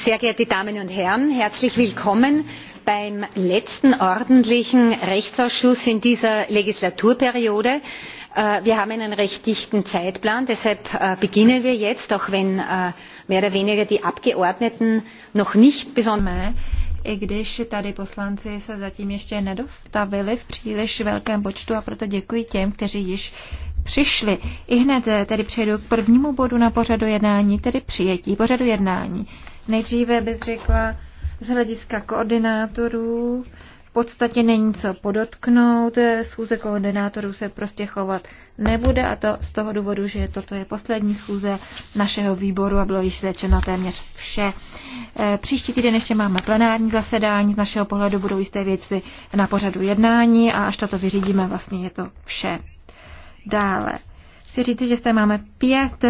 sehr geehrte damen und herren! herzlich willkommen beim letzten ordentlichen rechtsausschuss in dieser legislaturperiode. Äh, wir haben einen recht dichten zeitplan deshalb äh, beginnen wir jetzt auch wenn äh, mehr oder weniger die abgeordneten noch nicht besonders přišli. I hned tedy přejdu k prvnímu bodu na pořadu jednání, tedy přijetí pořadu jednání. Nejdříve bych řekla, z hlediska koordinátorů v podstatě není co podotknout, schůze koordinátorů se prostě chovat nebude a to z toho důvodu, že toto je poslední schůze našeho výboru a bylo již řečeno téměř vše. Eh, příští týden ještě máme plenární zasedání, z našeho pohledu budou jisté věci na pořadu jednání a až toto vyřídíme, vlastně je to vše. Dále. Chci říct, že zde máme pět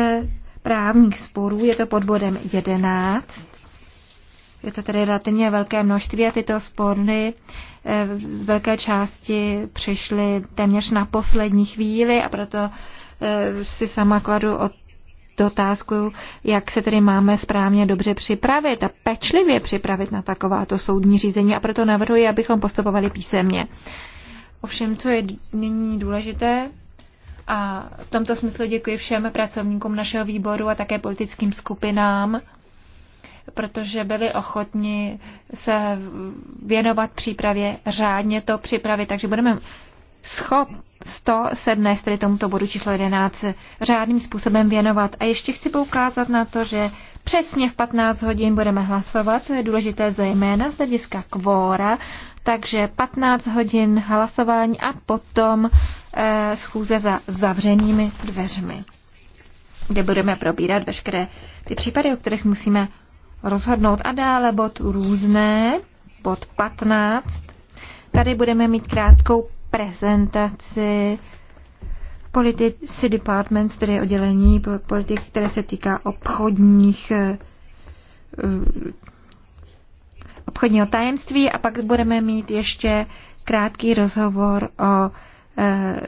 právních sporů, je to pod bodem 11. Je to tedy relativně velké množství a tyto spory eh, v velké části přišly téměř na poslední chvíli a proto eh, si sama kladu od otázku, jak se tedy máme správně dobře připravit a pečlivě připravit na takováto soudní řízení a proto navrhuji, abychom postupovali písemně. Ovšem, co je nyní důležité, a v tomto smyslu děkuji všem pracovníkům našeho výboru a také politickým skupinám, protože byli ochotni se věnovat přípravě, řádně to připravit, takže budeme schop 100 se dnes tedy tomuto bodu číslo 11 řádným způsobem věnovat. A ještě chci poukázat na to, že Přesně v 15 hodin budeme hlasovat, to je důležité zejména z hlediska kvóra, takže 15 hodin hlasování a potom e, schůze za zavřenými dveřmi, kde budeme probírat veškeré ty případy, o kterých musíme rozhodnout. A dále bod různé, bod 15. Tady budeme mít krátkou prezentaci Politici departments, tedy oddělení politik, které se týká obchodních eh, eh, obchodního tajemství a pak budeme mít ještě krátký rozhovor o eh,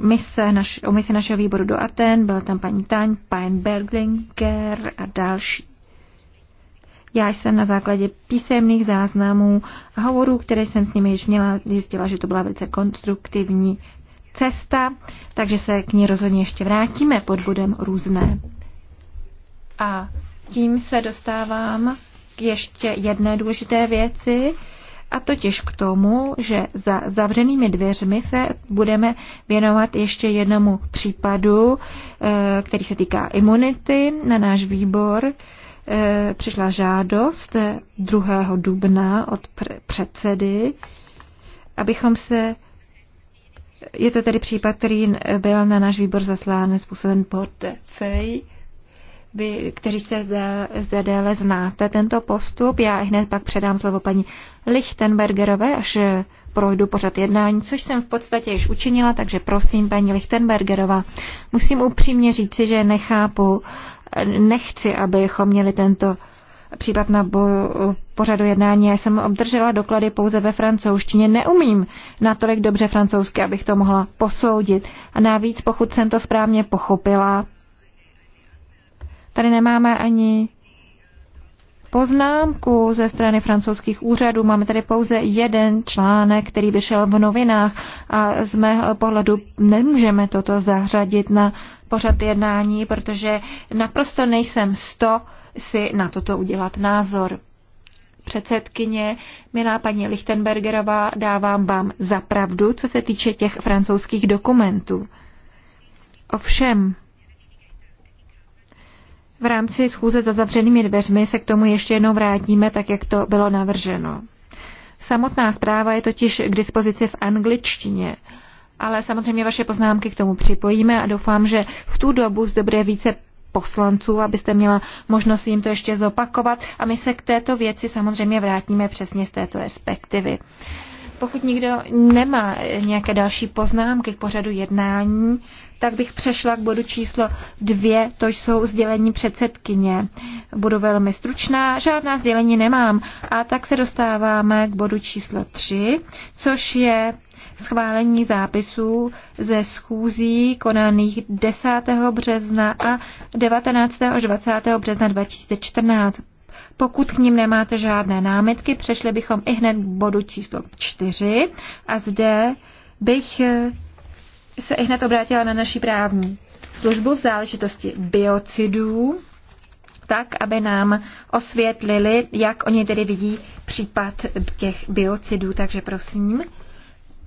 mise, naš, o mise našeho výboru do Aten, byla tam paní Taň, pan Berglinger a další. Já jsem na základě písemných záznamů a hovorů, které jsem s nimi již měla, zjistila, že to byla velice konstruktivní cesta, takže se k ní rozhodně ještě vrátíme pod bodem různé. A tím se dostávám k ještě jedné důležité věci, a totiž k tomu, že za zavřenými dveřmi se budeme věnovat ještě jednomu případu, e, který se týká imunity na náš výbor. E, přišla žádost 2. dubna od předsedy, abychom se je to tedy případ, který byl na náš výbor zaslán způsoben FEJ. Vy, kteří se zde, zde déle znáte tento postup, já hned pak předám slovo paní Lichtenbergerové, až projdu pořad jednání, což jsem v podstatě již učinila, takže prosím, paní Lichtenbergerová, musím upřímně říci, že nechápu, nechci, abychom měli tento případ na bo, pořadu jednání. Já jsem obdržela doklady pouze ve francouzštině. Neumím natolik dobře francouzsky, abych to mohla posoudit. A navíc, pokud jsem to správně pochopila, tady nemáme ani poznámku ze strany francouzských úřadů. Máme tady pouze jeden článek, který vyšel v novinách a z mého pohledu nemůžeme toto zařadit na pořad jednání, protože naprosto nejsem sto si na toto udělat názor. Předsedkyně, milá paní Lichtenbergerová, dávám vám za pravdu, co se týče těch francouzských dokumentů. Ovšem, v rámci schůze za zavřenými dveřmi se k tomu ještě jednou vrátíme, tak jak to bylo navrženo. Samotná zpráva je totiž k dispozici v angličtině, ale samozřejmě vaše poznámky k tomu připojíme a doufám, že v tu dobu zde bude více poslanců, abyste měla možnost jim to ještě zopakovat a my se k této věci samozřejmě vrátíme přesně z této perspektivy. Pokud nikdo nemá nějaké další poznámky k pořadu jednání, tak bych přešla k bodu číslo dvě, to jsou sdělení předsedkyně. Budu velmi stručná, žádná sdělení nemám. A tak se dostáváme k bodu číslo tři, což je schválení zápisů ze schůzí konaných 10. března a 19. až 20. března 2014. Pokud k ním nemáte žádné námitky, přešli bychom i hned k bodu číslo 4 a zde bych se i hned obrátila na naší právní službu v záležitosti biocidů, tak, aby nám osvětlili, jak oni tedy vidí případ těch biocidů. Takže prosím.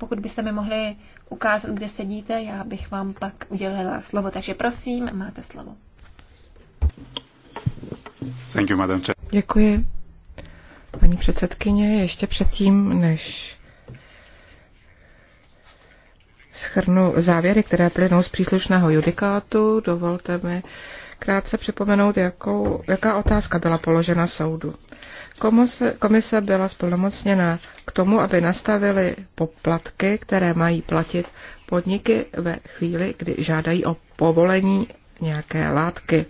Pokud byste mi mohli ukázat, kde sedíte, já bych vám pak udělala slovo. Takže prosím, máte slovo. Thank you, madam. Děkuji. Paní předsedkyně, ještě předtím, než schrnu závěry, které plynou z příslušného judikátu, dovolte mi krátce připomenout, jakou, jaká otázka byla položena soudu. Komise, komise byla splnomocněna k tomu, aby nastavili poplatky, které mají platit podniky ve chvíli, kdy žádají o povolení nějaké látky.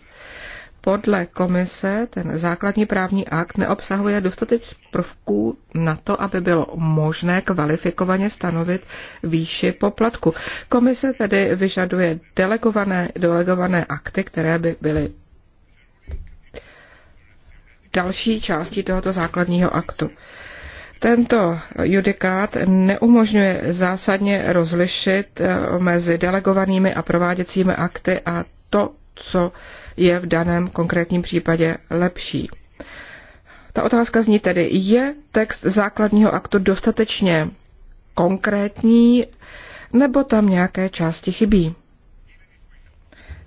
Podle komise ten základní právní akt neobsahuje dostatek prvků na to, aby bylo možné kvalifikovaně stanovit výši poplatku. Komise tedy vyžaduje delegované, delegované akty, které by byly další části tohoto základního aktu. Tento judikát neumožňuje zásadně rozlišit eh, mezi delegovanými a prováděcími akty a to, co je v daném konkrétním případě lepší. Ta otázka zní tedy, je text základního aktu dostatečně konkrétní, nebo tam nějaké části chybí?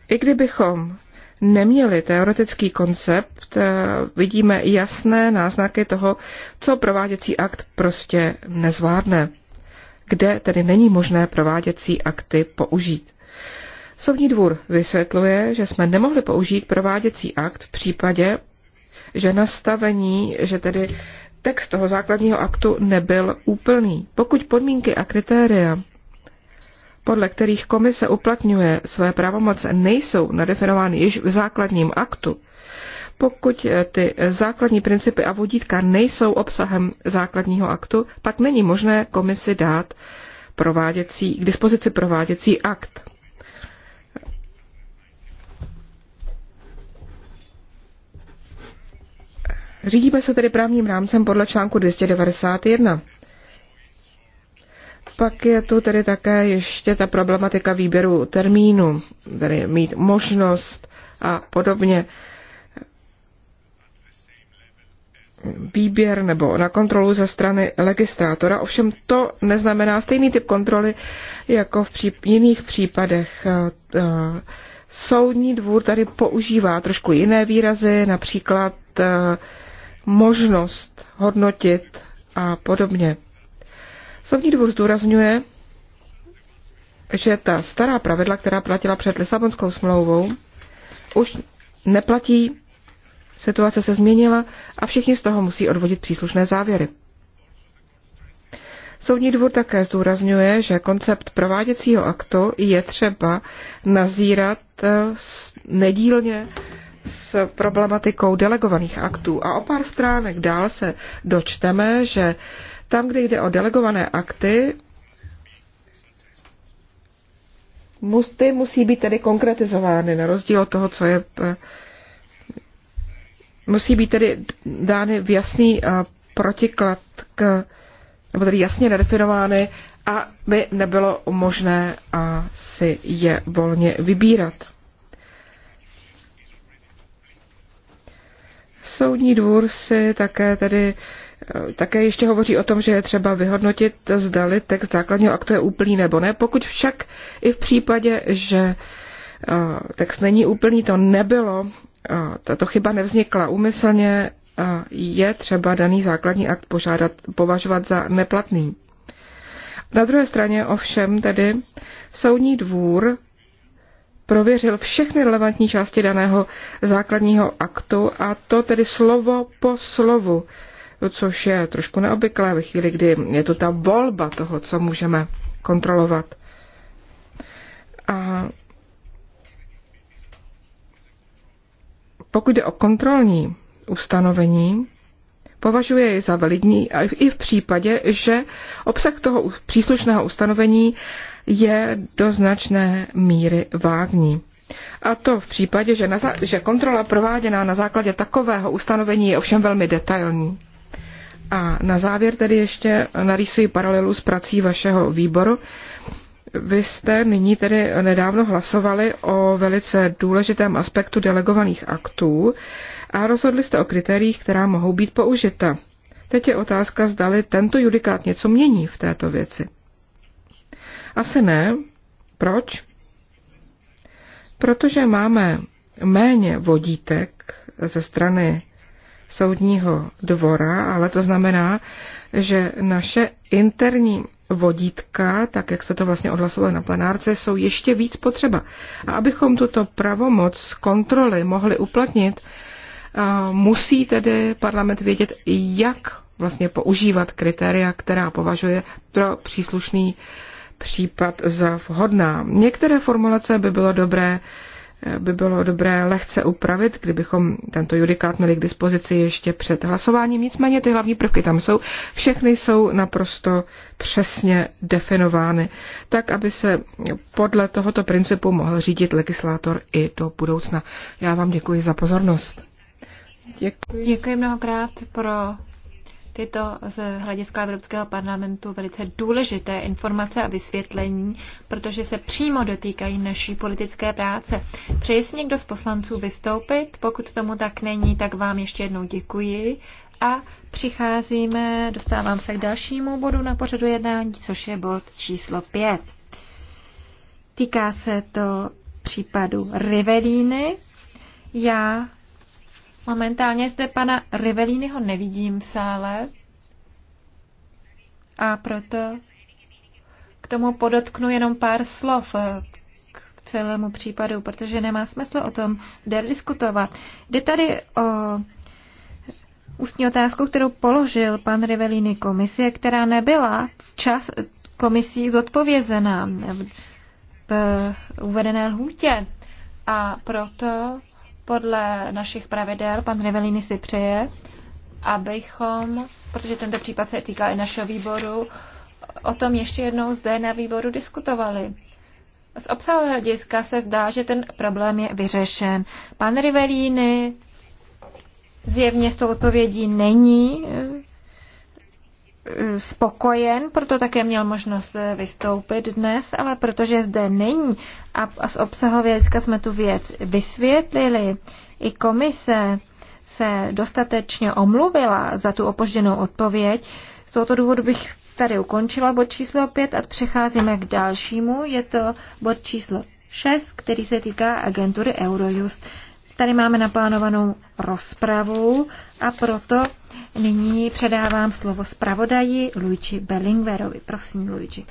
I kdybychom neměli teoretický koncept, eh, vidíme jasné náznaky toho, co prováděcí akt prostě nezvládne, kde tedy není možné prováděcí akty použít. Soudní dvůr vysvětluje, že jsme nemohli použít prováděcí akt v případě, že nastavení, že tedy text toho základního aktu nebyl úplný. Pokud podmínky a kritéria podle kterých komise uplatňuje své pravomoce, nejsou nadefinovány již v základním aktu, pokud eh, ty eh, základní principy a vodítka nejsou obsahem základního aktu, pak není možné komisi dát prováděcí, k dispozici prováděcí akt. Řídíme se tedy právním rámcem podle článku 291. Pak je tu tedy také ještě ta problematika výběru termínu, tedy mít možnost a podobně. Výběr nebo na kontrolu ze strany legislátora, ovšem to neznamená stejný typ kontroly jako v příp- jiných případech. E, e, soudní dvůr tady používá trošku jiné výrazy, například e, možnost hodnotit a podobně. Soudní dvůr zdůrazňuje, že ta stará pravidla, která platila před Lisabonskou smlouvou, už neplatí, situace se změnila a všichni z toho musí odvodit příslušné závěry. Soudní dvůr také zdůrazňuje, že koncept prováděcího aktu je třeba nazírat eh, nedílně s problematikou delegovaných aktů. A o pár stránek dál se dočteme, že tam, kde jde o delegované akty, ty musí být tedy konkretizovány, na rozdíl od toho, co je eh, musí být tedy dány v jasný eh, protiklad k, nebo tedy jasně nadefinovány, by nebylo možné si je volně vybírat. Soudní dvůr si také tedy Eh, také ještě hovoří o tom, že je třeba vyhodnotit, zdali text základního aktu je úplný nebo ne. Pokud však i v případě, že eh, text není úplný, to nebylo, eh, tato chyba nevznikla úmyslně, je třeba daný základní akt požádat, považovat za neplatný. Na druhé straně ovšem tedy soudní dvůr prověřil všechny relevantní části daného základního aktu a to tedy slovo po slovu což je trošku neobvyklé ve chvíli, kdy je to ta volba toho, co můžeme kontrolovat. A pokud jde o kontrolní ustanovení, považuje je za validní i v případě, že obsah toho příslušného ustanovení je do značné míry vágní. A to v případě, že, na, že kontrola prováděná na základě takového ustanovení je ovšem velmi detailní. A na závěr tedy ještě narýsuji paralelu s prací vašeho výboru. Vy jste nyní tedy nedávno hlasovali o velice důležitém aspektu delegovaných aktů a rozhodli jste o kritériích, která mohou být použita. Teď je otázka, zdali tento judikát něco mění v této věci. Asi ne. Proč? Protože máme méně vodítek ze strany soudního dvora, ale to znamená, že naše interní vodítka, tak jak se to vlastně odhlasovalo na plenárce, jsou ještě víc potřeba. A abychom tuto pravomoc kontroly mohli uplatnit, musí tedy parlament vědět, jak vlastně používat kritéria, která považuje pro příslušný případ za vhodná. Některé formulace by bylo dobré uh, by bylo dobré lehce upravit, kdybychom tento judikát měli k dispozici ještě před hlasováním. Nicméně ty hlavní prvky tam jsou. Všechny jsou naprosto přesně definovány, tak aby se podle tohoto principu mohl řídit legislátor i do budoucna. Já vám děkuji za pozornost. Děkuji. Děkuji mnohokrát pro tyto z hlediska Evropského parlamentu velice důležité informace a vysvětlení, protože se přímo dotýkají naší politické práce. Přeji si někdo z poslanců vystoupit? Pokud tomu tak není, tak vám ještě jednou děkuji. A přicházíme, dostávám se k dalšímu bodu na pořadu jednání, což je bod číslo 5. Týká se to případu Rivelíny. Já Momentálně zde pana Rivelínyho nevidím v sále a proto k tomu podotknu jenom pár slov eh, k celému případu, protože nemá smysl o tom diskutovat. Jde tady o ústní otázku, kterou položil pan Rivelíny komisie, která nebyla včas komisí zodpovězená v uvedené lhůtě. A proto podle našich pravidel pan Rivelini si přeje, abychom, protože tento případ se týká i našeho výboru, o tom ještě jednou zde na výboru diskutovali. Z obsahového hlediska se zdá, že ten problém je vyřešen. Pan Rivelini zjevně s tou odpovědí není eh, Eh, spokojen, proto také měl možnost eh, vystoupit dnes, ale protože zde není a z obsahově jsme tu věc vysvětlili, i komise se dostatečně omluvila za tu opožděnou odpověď, z tohoto důvodu bych tady ukončila bod číslo 5 a přecházíme k dalšímu. Je to bod číslo 6, který se týká agentury Eurojust. Tady máme naplánovanou rozpravu a proto Nyní předávám slovo zpravodaji Luigi Bellingwerovi. Prosím, Luigi.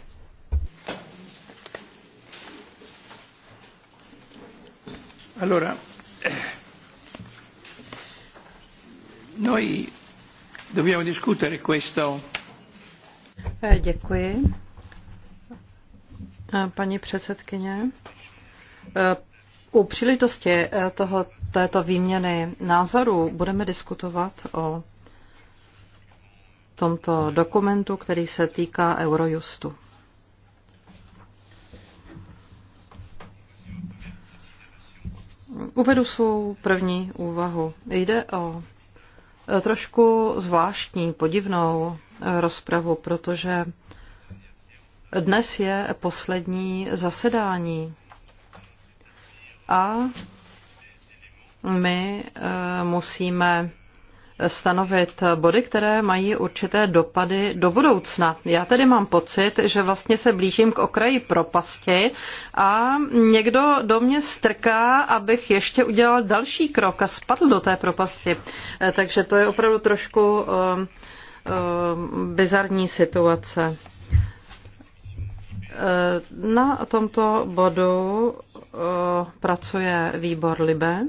Allora, noi dobbiamo discutere questo. Eh, děkuji. Eh, paní předsedkyně, eh, u příležitosti toho, této výměny názorů budeme diskutovat o tomto dokumentu, který se týká Eurojustu. Uvedu svou první úvahu. Jde o trošku zvláštní, podivnou rozpravu, protože dnes je poslední zasedání a my eh, musíme stanovit body, které mají určité dopady do budoucna. Já tedy mám pocit, že vlastně se blížím k okraji propasti a někdo do mě strká, abych ještě udělal další krok a spadl do té propasti. Eh, takže to je opravdu trošku uh, uh, bizarní situace. Na tomto bodu pracuje výbor Libe.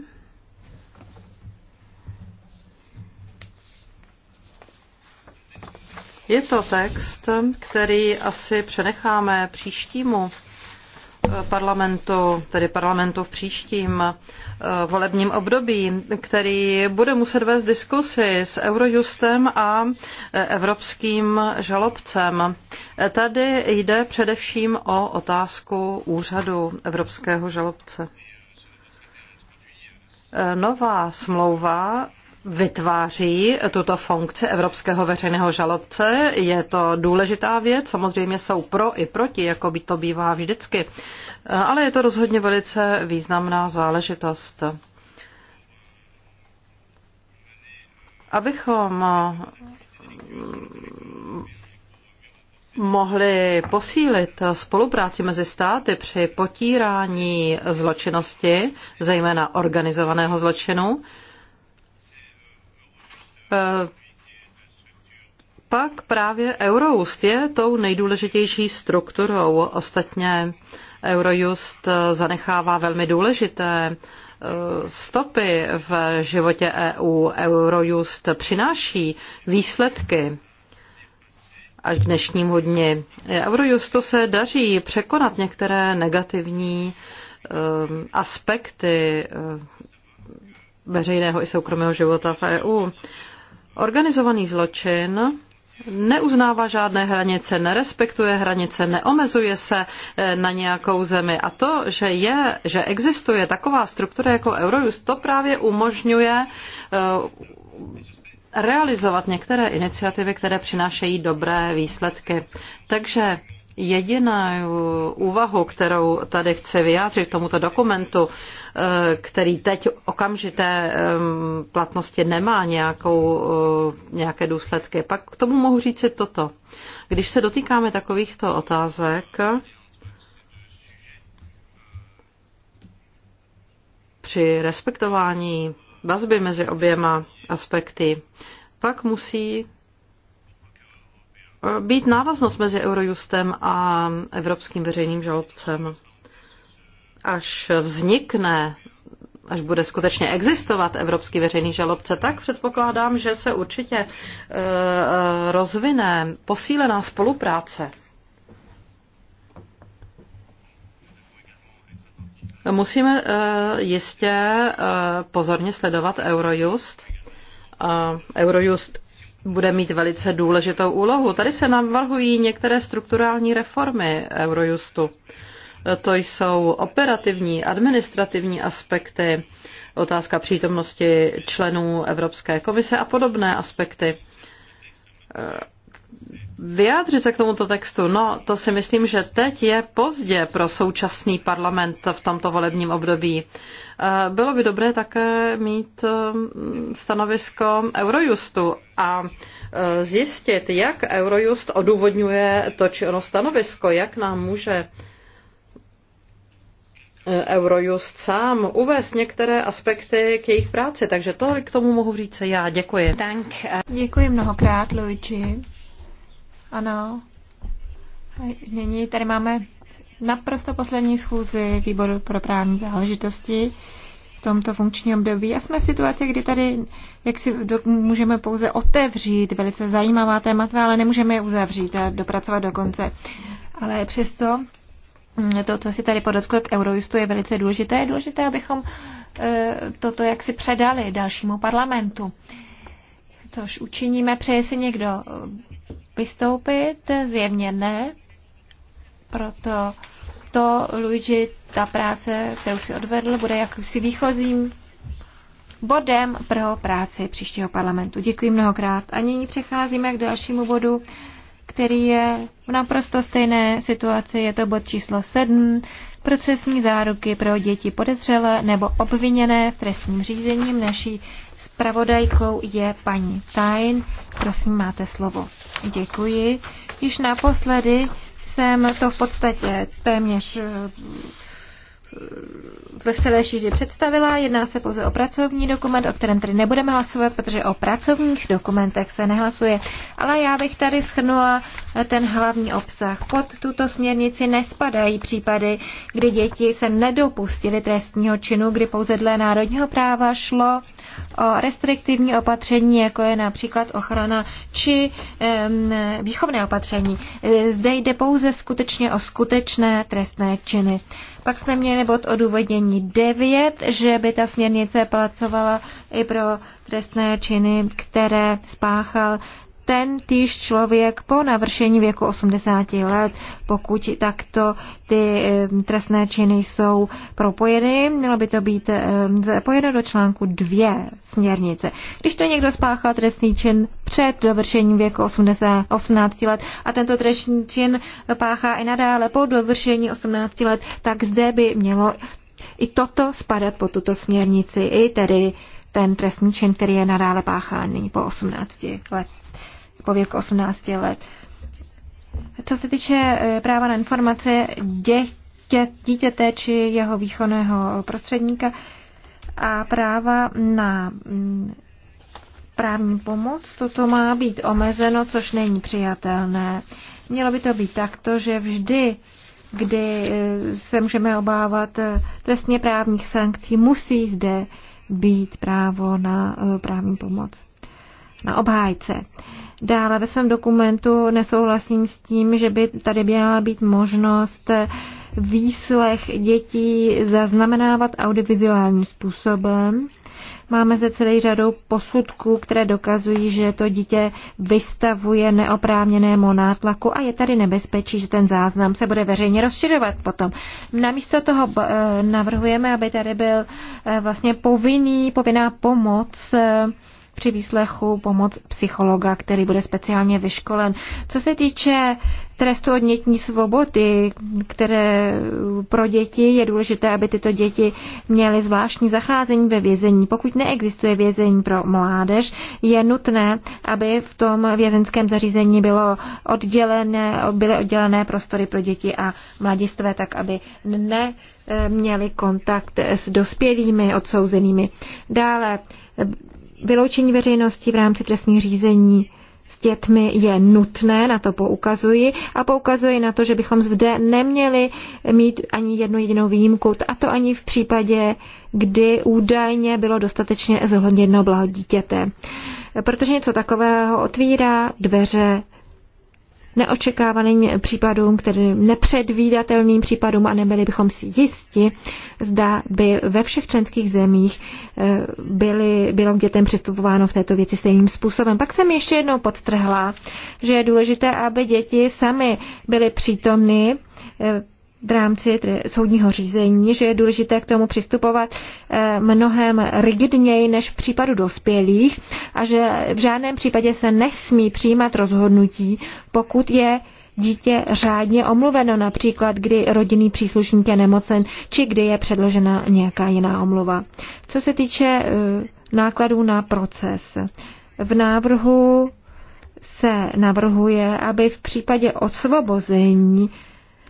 Je to text, který asi přenecháme příštímu eh, parlamentu, tedy parlamentu v příštím eh, volebním období, který bude muset vést diskusy s Eurojustem a eh, evropským žalobcem. Tady jde především o otázku úřadu evropského žalobce. Nová smlouva vytváří tuto funkci evropského veřejného žalobce. Je to důležitá věc, samozřejmě jsou pro i proti, jako by to bývá vždycky, ale je to rozhodně velice významná záležitost. Abychom mm, mohli posílit spolupráci mezi státy při potírání zločinnosti, zejména organizovaného zločinu, Eh, pak právě Eurojust je tou nejdůležitější strukturou. Ostatně Eurojust eh, zanechává velmi důležité eh, stopy v životě EU. Eurojust přináší výsledky až k dnešnímu dni. Eurojustu se daří překonat některé negativní aspekty veřejného i soukromého života v EU. Organizovaný zločin neuznává žádné hranice, nerespektuje hranice, neomezuje se eh, na nějakou zemi. A to, že je, že existuje taková struktura jako Eurojust, to právě umožňuje eh, realizovat některé iniciativy, které přinášejí dobré výsledky. Takže jedinou úvahu, kterou tady chci vyjádřit k tomuto dokumentu, eh, který teď okamžité eh, platnosti nemá nějakou, eh, nějaké důsledky. Pak k tomu mohu říci toto. Když se dotýkáme takovýchto otázek, při respektování vazby mezi oběma aspekty, pak musí být návaznost mezi Eurojustem a Evropským veřejným žalobcem. Až vznikne, až bude skutečně existovat Evropský veřejný žalobce, tak předpokládám, že se určitě eh, rozvine posílená spolupráce. Musíme eh, jistě eh, pozorně sledovat Eurojust. Eurojust bude mít velice důležitou úlohu. Tady se navrhují některé strukturální reformy Eurojustu. To jsou operativní, administrativní aspekty, otázka přítomnosti členů Evropské komise a podobné aspekty vyjádřit se k tomuto textu, no to si myslím, že teď je pozdě pro současný parlament v tomto volebním období. Eh, bylo by dobré také mít eh, stanovisko Eurojustu a eh, zjistit, jak Eurojust odůvodňuje to či ono stanovisko, jak nám může Eurojust sám uvést některé aspekty k jejich práci. Takže to k tomu mohu říct já. Děkuji. Děkuji mnohokrát, Luigi. Ano. Nyní tady máme naprosto poslední schůzi výboru pro právní záležitosti v tomto funkčním období a jsme v situaci, kdy tady jak si do, můžeme pouze otevřít velice zajímavá témata, ale nemůžeme je uzavřít a dopracovat do konce. Ale přesto mm, to, co si tady podotkl k Eurojustu, je velice důležité. Je důležité, abychom e, toto jaksi předali dalšímu parlamentu. Což učiníme. Přeje si někdo vystoupit? Zjevně ne, proto to Luigi, ta práce, kterou si odvedl, bude jakýmsi výchozím bodem pro práci příštího parlamentu. Děkuji mnohokrát. A nyní přecházíme k dalšímu bodu, který je v naprosto stejné situaci. Je to bod číslo 7. Procesní záruky pro děti podezřelé nebo obviněné v trestním řízení. Naší spravodajkou je paní Tajn. Prosím, máte slovo. Děkuji. Již naposledy jsem to v podstatě téměř eh, ve celé šíři představila. Jedná se pouze o pracovní dokument, o kterém tady nebudeme hlasovat, protože o pracovních dokumentech se nehlasuje. Ale já bych tady schrnula eh, ten hlavní obsah. Pod tuto směrnici nespadají případy, kdy děti se nedopustily trestního činu, kdy pouze dle národního práva šlo o restriktivní opatření, jako je například ochrana či výchovné opatření. E, zde jde pouze skutečně o skutečné trestné činy. Pak jsme měli bod odůvodnění 9, že by ta směrnice pracovala i pro trestné činy, které spáchal ten týž člověk po navršení věku 80 let, pokud takto ty trestné činy jsou propojeny, mělo by to být zapojeno do článku 2 směrnice. Když to někdo spáchá trestný čin před dovršením věku 80, 18 let a tento trestný čin páchá i nadále po dovršení 18 let, tak zde by mělo i toto spadat po tuto směrnici, i tedy ten trestný čin, který je nadále páchán po 18 let po věku 18 let. Co se týče e, práva na informace dětě, dítěte či jeho výchovného prostředníka a práva na mm, právní pomoc, toto má být omezeno, což není přijatelné. Mělo by to být takto, že vždy, kdy e, se můžeme obávat e, trestně právních sankcí, musí zde být právo na právní pomoc na obhájce. Dále ve svém dokumentu nesouhlasím s tím, že by tady měla být možnost výslech dětí zaznamenávat audiovizuálním způsobem. Máme zde celý řadu posudků, které dokazují, že to dítě vystavuje neoprávněnému nátlaku a je tady nebezpečí, že ten záznam se bude veřejně rozšiřovat potom. Namísto toho eh, navrhujeme, aby tady byl eh, vlastně povinný, povinná pomoc eh, při výslechu pomoc psychologa, který bude speciálně vyškolen. Co se týče trestu odnětní svobody, které pro děti je důležité, aby tyto děti měly zvláštní zacházení ve vězení. Pokud neexistuje vězení pro mládež, je nutné, aby v tom vězenském zařízení bylo oddělené, byly oddělené prostory pro děti a mladistvé, tak aby ne měli kontakt s dospělými odsouzenými. Dále Vyloučení veřejnosti v rámci trestních řízení s dětmi je nutné, na to poukazuji, a poukazuji na to, že bychom zde neměli mít ani jednu jedinou výjimku, a to ani v případě, kdy údajně bylo dostatečně zohledněno blaho dítěte. Protože něco takového otvírá dveře neočekávaným případům, který nepředvídatelným případům a nebyli bychom si jisti, zda by ve všech členských zemích eh, byly, bylo k dětem přistupováno v této věci stejným způsobem. Pak jsem ještě jednou podtrhla, že je důležité, aby děti sami byly přítomny eh, v rámci soudního řízení, že je důležité k tomu přistupovat eh, mnohem rigidněji než v případu dospělých a že v žádném případě se nesmí přijímat rozhodnutí, pokud je dítě řádně omluveno, například kdy rodinný příslušník je nemocen, či kdy je předložena nějaká jiná omluva. Co se týče eh, nákladů na proces, v návrhu se navrhuje, aby v případě osvobození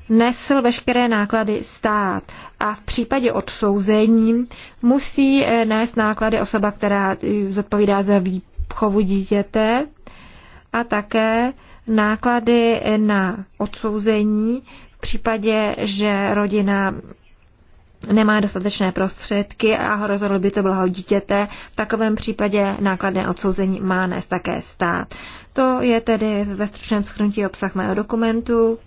nesl veškeré náklady stát a v případě odsouzení musí eh, nést náklady osoba, která eh, zodpovídá za výchovu dítěte a také náklady eh, na odsouzení v případě, že rodina nemá dostatečné prostředky a hrozilo by to blaho dítěte, v takovém případě nákladné odsouzení má nést také stát. To je tedy ve stručném schrnutí obsah mého dokumentu.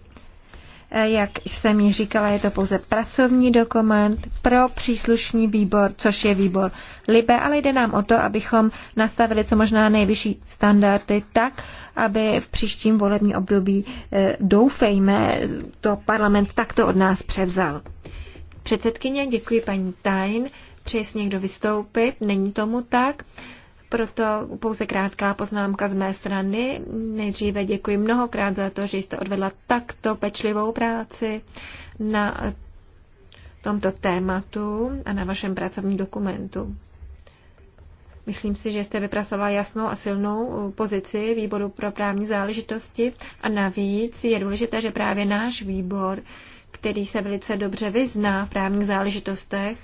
Eh, jak jsem ji říkala, je to pouze pracovní dokument pro příslušný výbor, což je výbor Libe, ale jde nám o to, abychom nastavili co možná nejvyšší standardy tak, aby v příštím volebním období, eh, doufejme, to parlament takto od nás převzal. Předsedkyně, děkuji paní Tajn. Přeje někdo vystoupit? Není tomu tak. Proto pouze krátká poznámka z mé strany. Nejdříve děkuji mnohokrát za to, že jste odvedla takto pečlivou práci na tomto tématu a na vašem pracovním dokumentu. Myslím si, že jste vypracovala jasnou a silnou pozici výboru pro právní záležitosti a navíc je důležité, že právě náš výbor, který se velice dobře vyzná v právních záležitostech,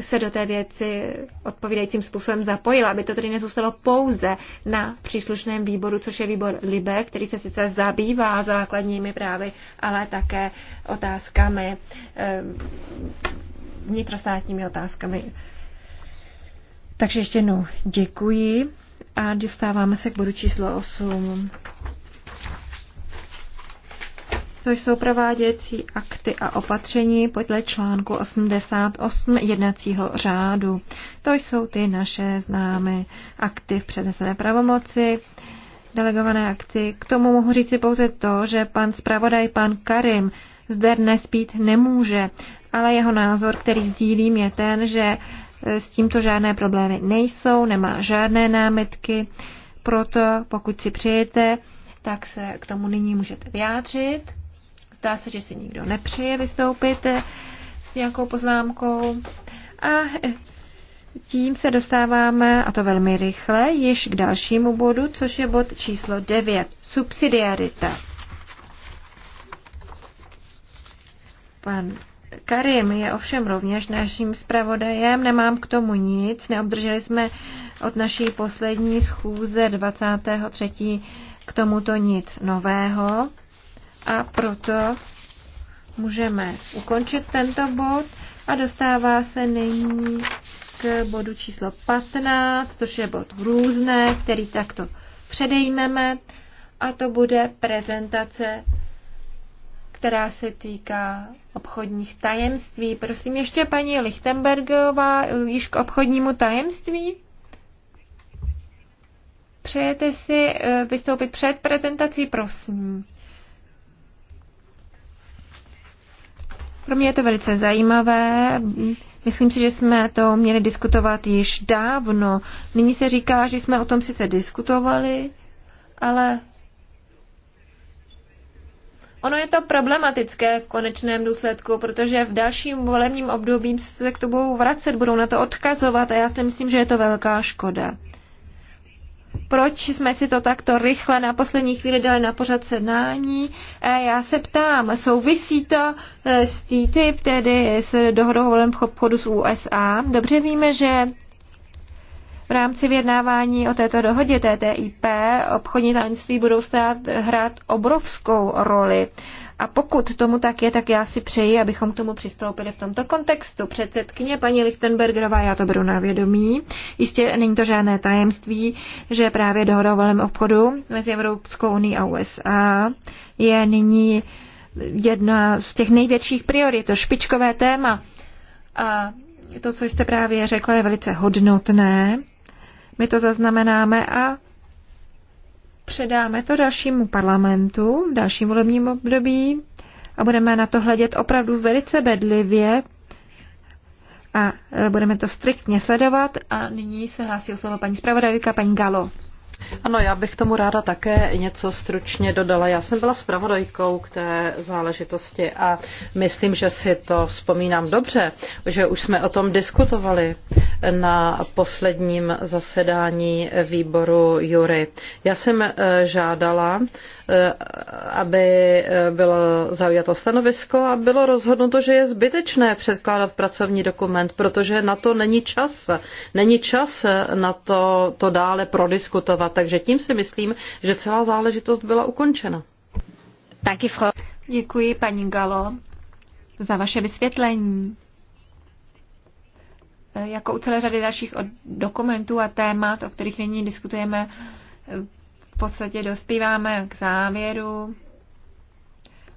se do té věci odpovídajícím způsobem zapojila, aby to tedy nezůstalo pouze na příslušném výboru, což je výbor LIBE, který se sice zabývá základními právy, ale také otázkami, eh, vnitrostátními otázkami. Takže ještě jednou děkuji a dostáváme se k bodu číslo 8. To jsou prováděcí akty a opatření podle článku 88 jednacího řádu. To jsou ty naše známé akty v přenesené pravomoci, delegované akty. K tomu mohu říci pouze to, že pan zpravodaj, pan Karim, zde nespít nemůže, ale jeho názor, který sdílím, je ten, že e, s tímto žádné problémy nejsou, nemá žádné námitky, proto pokud si přijete, tak se k tomu nyní můžete vyjádřit. Zdá se, že si nikdo nepřeje vystoupit s nějakou poznámkou. A tím se dostáváme, a to velmi rychle, již k dalšímu bodu, což je bod číslo 9. Subsidiarita. Pan Karim je ovšem rovněž naším zpravodajem, nemám k tomu nic, neobdrželi jsme od naší poslední schůze 23. k tomuto nic nového a proto můžeme ukončit tento bod a dostává se nyní k bodu číslo 15, což je bod různé, který takto předejmeme a to bude prezentace, která se týká obchodních tajemství. Prosím ještě paní Lichtenbergová již k obchodnímu tajemství. Přejete si eh, vystoupit před prezentací, prosím. Pro mě je to velice zajímavé. Myslím si, že jsme to měli diskutovat již dávno. Nyní se říká, že jsme o tom sice diskutovali, ale ono je to problematické v konečném důsledku, protože v dalším volebním období se k tomu vracet, budou na to odkazovat a já si myslím, že je to velká škoda proč jsme si to takto rychle na poslední chvíli dali na pořad sednání. Já se ptám, souvisí to eh, s TTIP, tedy s dohodou volem obchodu s USA? Dobře víme, že v rámci vyjednávání o této dohodě TTIP obchodní tajemství budou stát hrát obrovskou roli. A pokud tomu tak je, tak já si přeji, abychom k tomu přistoupili v tomto kontextu. Předsedkyně paní Lichtenbergerová, já to beru na vědomí. Jistě není to žádné tajemství, že právě dohoda o volném obchodu mezi Evropskou unii a USA je nyní jedna z těch největších priorit, to špičkové téma. A to, co jste právě řekla, je velice hodnotné. My to zaznamenáme a Předáme to dalšímu parlamentu dalším volebním období a budeme na to hledět opravdu velice bedlivě a e, budeme to striktně sledovat. A nyní se hlásí o slovo paní zpravodajka, paní Galo. Ano, já bych tomu ráda také něco stručně dodala. Já jsem byla zpravodajkou k té záležitosti a myslím, že si to vzpomínám dobře, že už jsme o tom diskutovali na posledním zasedání výboru Jury. Já jsem eh, žádala E, aby e, bylo zaujato stanovisko a bylo rozhodnuto, že je zbytečné předkládat pracovní dokument, protože na to není čas. Není čas na to, to dále prodiskutovat. Takže tím si myslím, že celá záležitost byla ukončena. Taky Děkuji, paní Galo, za vaše vysvětlení. E, jako u celé řady dalších dokumentů a témat, o kterých nyní diskutujeme, v podstatě dospíváme k závěru.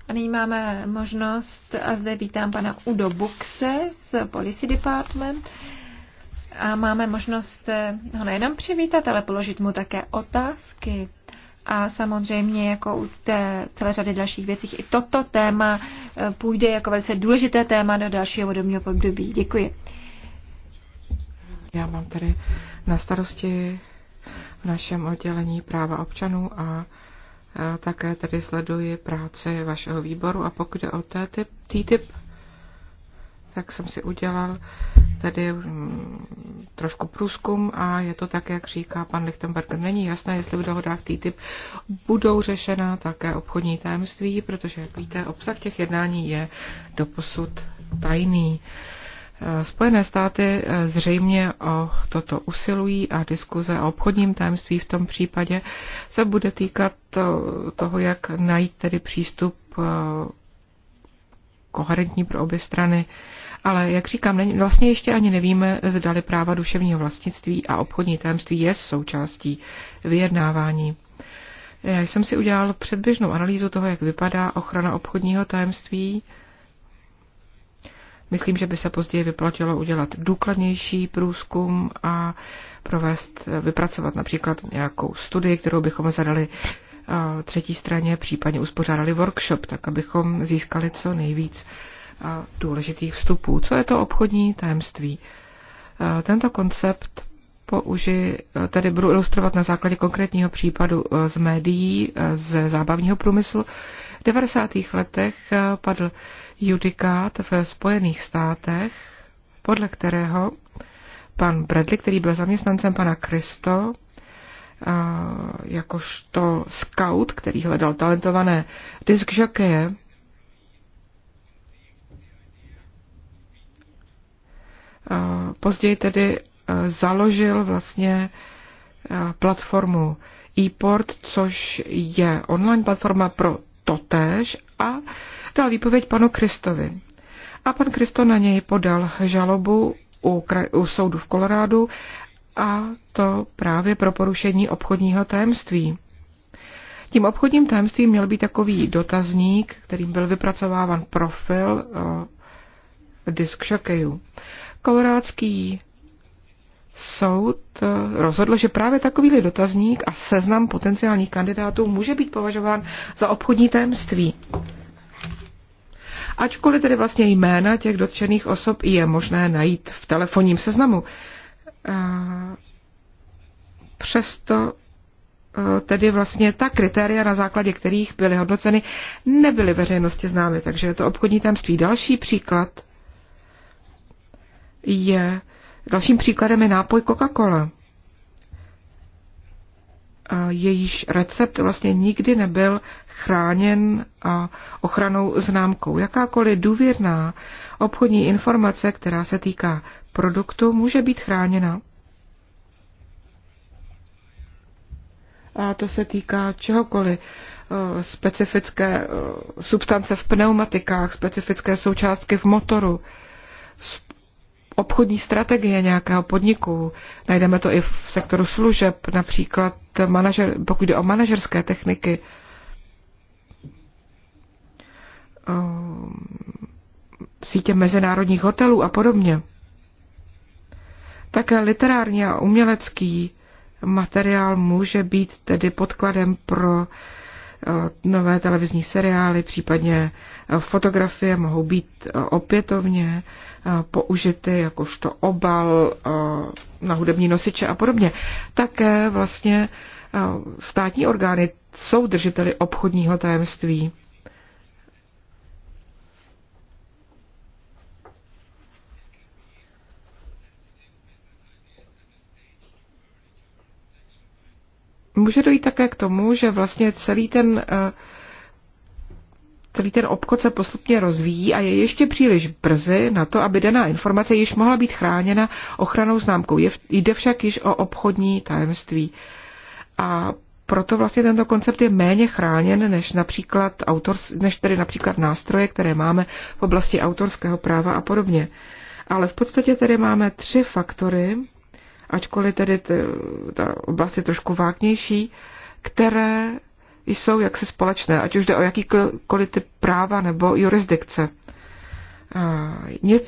A nyní máme možnost, a zde vítám pana Udo Buxe z Policy Department, a máme možnost eh, ho nejenom přivítat, ale položit mu také otázky. A samozřejmě jako u té celé řady dalších věcí i toto téma eh, půjde jako velice důležité téma do dalšího vodobního období. Děkuji. Já mám tady na starosti v našem oddělení práva občanů a e, také tedy sleduji práci vašeho výboru a pokud je o TTIP, TTIP tak jsem si udělal tedy mm, trošku průzkum a je to tak, jak říká pan Lichtenberg. Není jasné, jestli v dohodách TTIP budou řešena také obchodní tajemství, protože, jak víte, obsah těch jednání je doposud tajný. Uh, Spojené státy eh, zřejmě o toto usilují a diskuze o obchodním tajemství v tom případě se bude týkat eh, toho, jak najít tedy přístup eh, koherentní pro obě strany. Ale jak říkám, vlastně ještě ani nevíme, zdali práva duševního vlastnictví a obchodní tajemství je součástí vyjednávání. Já jsem si udělal předběžnou analýzu toho, jak vypadá ochrana obchodního tajemství Myslím, že by se později vyplatilo udělat důkladnější průzkum a provést, vypracovat například nějakou studii, kterou bychom zadali eh, třetí straně, případně uspořádali workshop, tak abychom získali co nejvíc eh, důležitých vstupů. Co je to obchodní tajemství? Eh, tento koncept použi, tady budu ilustrovat na základě konkrétního případu z médií, ze zábavního průmyslu, 90. letech eh, padl judikát ve Spojených státech, podle kterého pan Bradley, který byl zaměstnancem pana Kristo, eh, jakožto scout, který hledal talentované disk žakeje, eh, Později tedy založil vlastně platformu ePort, což je online platforma pro totéž a dal výpověď panu Kristovi. A pan Kristo na něj podal žalobu u, kraj, u soudu v Kolorádu a to právě pro porušení obchodního tajemství. Tím obchodním tajemstvím měl být takový dotazník, kterým byl vypracováván profil uh, disk šokejů. Kolorádský soud eh, rozhodl, že právě takovýhle dotazník a seznam potenciálních kandidátů může být považován za obchodní tajemství. Ačkoliv tedy vlastně jména těch dotčených osob je možné najít v telefonním seznamu, eh, přesto eh, tedy vlastně ta kritéria, na základě kterých byly hodnoceny, nebyly veřejnosti známy. Takže je to obchodní tajemství. Další příklad je Dalším příkladem je nápoj Coca-Cola. Jejíž recept vlastně nikdy nebyl chráněn ochranou známkou. Jakákoliv důvěrná obchodní informace, která se týká produktu, může být chráněna. A to se týká čehokoliv eh, specifické eh, substance v pneumatikách, specifické součástky v motoru, obchodní strategie nějakého podniku. Najdeme to i v sektoru služeb, například manažer, pokud jde o manažerské techniky. Ehm, sítě mezinárodních hotelů a podobně. Také literární a umělecký materiál může být tedy podkladem pro Eh, nové televizní seriály, případně eh, fotografie mohou být eh, opětovně použity jakožto obal na hudební nosiče a podobně. Také vlastně státní orgány jsou držiteli obchodního tajemství může dojít také k tomu, že vlastně celý ten, eh, celý ten obchod se postupně rozvíjí a je ještě příliš brzy na to, aby daná informace již mohla být chráněna ochranou známkou. Je, jde však již o obchodní tajemství. A proto vlastně tento koncept je méně chráněn než například autor, než tedy například nástroje, které máme v oblasti autorského práva a podobně. Ale v podstatě tady máme tři faktory, ačkoliv tedy ta oblast je trošku vágnější, které jsou jaksi společné, ať už jde o jakýkoliv typ práva nebo jurisdikce.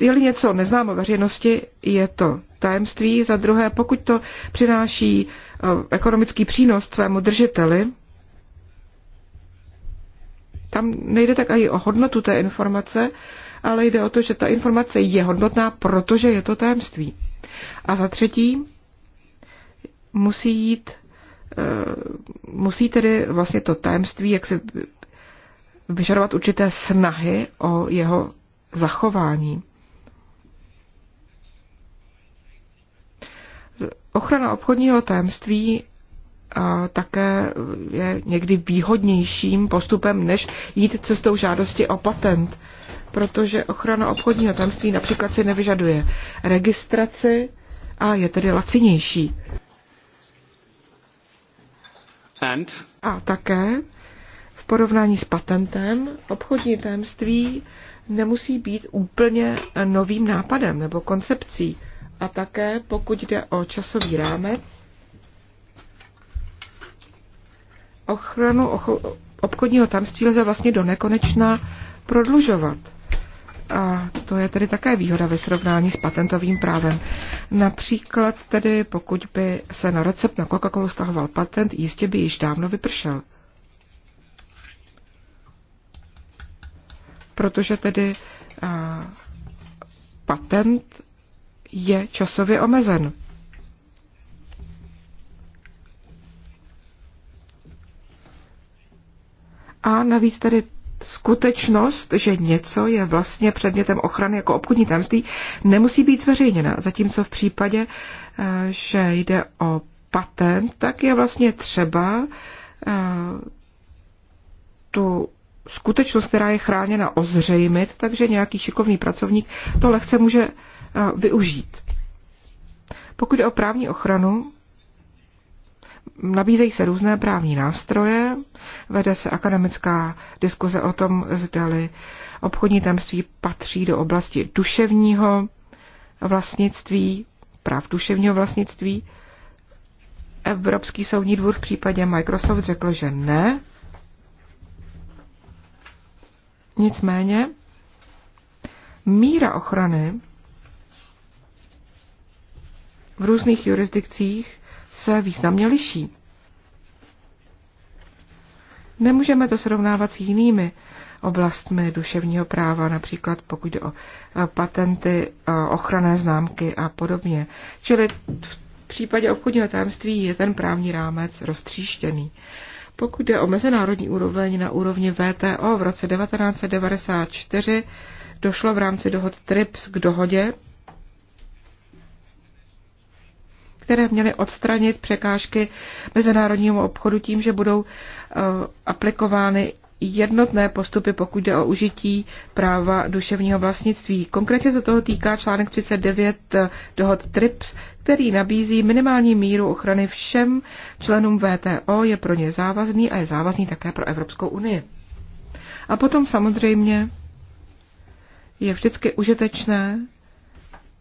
Je-li něco neznámo veřejnosti, je to tajemství. Za druhé, pokud to přináší ekonomický přínos svému držiteli, tam nejde tak ani o hodnotu té informace, ale jde o to, že ta informace je hodnotná, protože je to tajemství. A za třetí, musí jít, eh, musí tedy vlastně to tajemství, jak se vyžadovat určité snahy o jeho zachování. Ochrana obchodního tajemství eh, také je někdy výhodnějším postupem, než jít cestou žádosti o patent protože ochrana obchodního tajemství například si nevyžaduje registraci a je tedy lacinější. And? A také v porovnání s patentem obchodní tajemství nemusí být úplně novým nápadem nebo koncepcí. A také pokud jde o časový rámec, ochranu obchodního tajemství lze vlastně do nekonečna prodlužovat. A to je tedy také výhoda ve srovnání s patentovým právem. Například tedy, pokud by se na recept na Coca-Colu stahoval patent, jistě by již dávno vypršel. Protože tedy a, patent je časově omezen. A navíc tedy skutečnost, že něco je vlastně předmětem ochrany jako obchodní tajemství, nemusí být zveřejněna. Zatímco v případě, eh, že jde o patent, tak je vlastně třeba eh, tu skutečnost, která je chráněna, ozřejmit, takže nějaký šikovný pracovník to lehce může eh, využít. Pokud je o právní ochranu, Nabízejí se různé právní nástroje, vede se akademická diskuze o tom, zdali obchodní tajemství patří do oblasti duševního vlastnictví, práv duševního vlastnictví. Evropský soudní dvůr v případě Microsoft řekl, že ne. Nicméně míra ochrany v různých jurisdikcích se významně liší. Nemůžeme to srovnávat s jinými oblastmi duševního práva, například pokud jde o eh, patenty, eh, ochranné známky a podobně. Čili v případě obchodního tajemství je ten právní rámec roztříštěný. Pokud jde o mezinárodní úroveň na úrovni VTO v roce 1994, došlo v rámci dohod TRIPS k dohodě, které měly odstranit překážky mezinárodnímu obchodu tím, že budou eh, aplikovány jednotné postupy, pokud jde o užití práva duševního vlastnictví. Konkrétně se toho týká článek 39 eh, dohod TRIPS, který nabízí minimální míru ochrany všem členům VTO, je pro ně závazný a je závazný také pro Evropskou unii. A potom samozřejmě je vždycky užitečné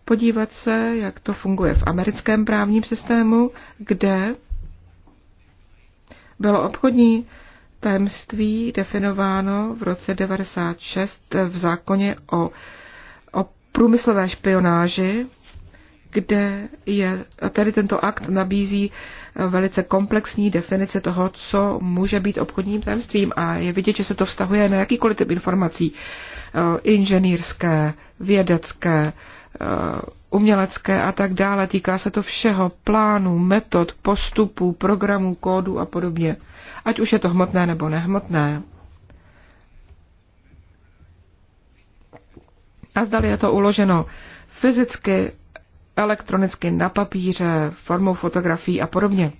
podívat se, jak to funguje v americkém právním systému, kde bylo obchodní tajemství definováno v roce 96 v zákoně o, o průmyslové špionáži, kde je, a tedy tento akt nabízí velice komplexní definice toho, co může být obchodním tajemstvím a je vidět, že se to vztahuje na jakýkoliv typ informací, e, inženýrské, vědecké, Eh, umělecké a tak dále. Týká se to všeho, plánů, metod, postupů, programů, kódů a podobně. Ať už je to hmotné nebo nehmotné. A zdali je to uloženo fyzicky, elektronicky, na papíře, formou fotografií a podobně.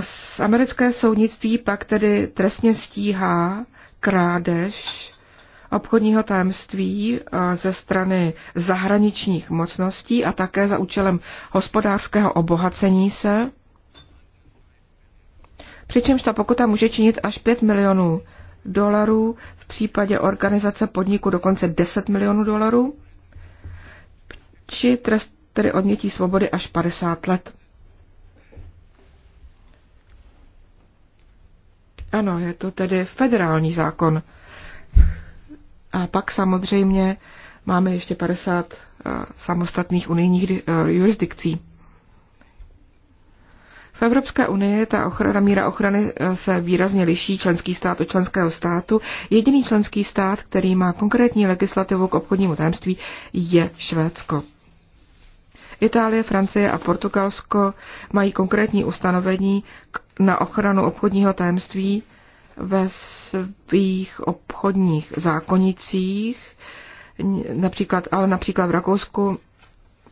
Z americké soudnictví pak tedy trestně stíhá krádež obchodního tajemství eh, ze strany zahraničních mocností a také za účelem hospodářského obohacení se, přičemž ta pokuta může činit až 5 milionů dolarů, v případě organizace podniku dokonce 10 milionů dolarů, či trest tedy odnětí svobody až 50 let. Ano, je to tedy federální zákon. A pak samozřejmě máme ještě 50 eh, samostatných unijních eh, jurisdikcí. V Evropské unii ta, ochrana, ta míra ochrany eh, se výrazně liší členský stát od členského státu. Jediný členský stát, který má konkrétní legislativu k obchodnímu tajemství, je Švédsko. Itálie, Francie a Portugalsko mají konkrétní ustanovení na ochranu obchodního tajemství ve svých obchodních zákonicích, například, ale například v Rakousku,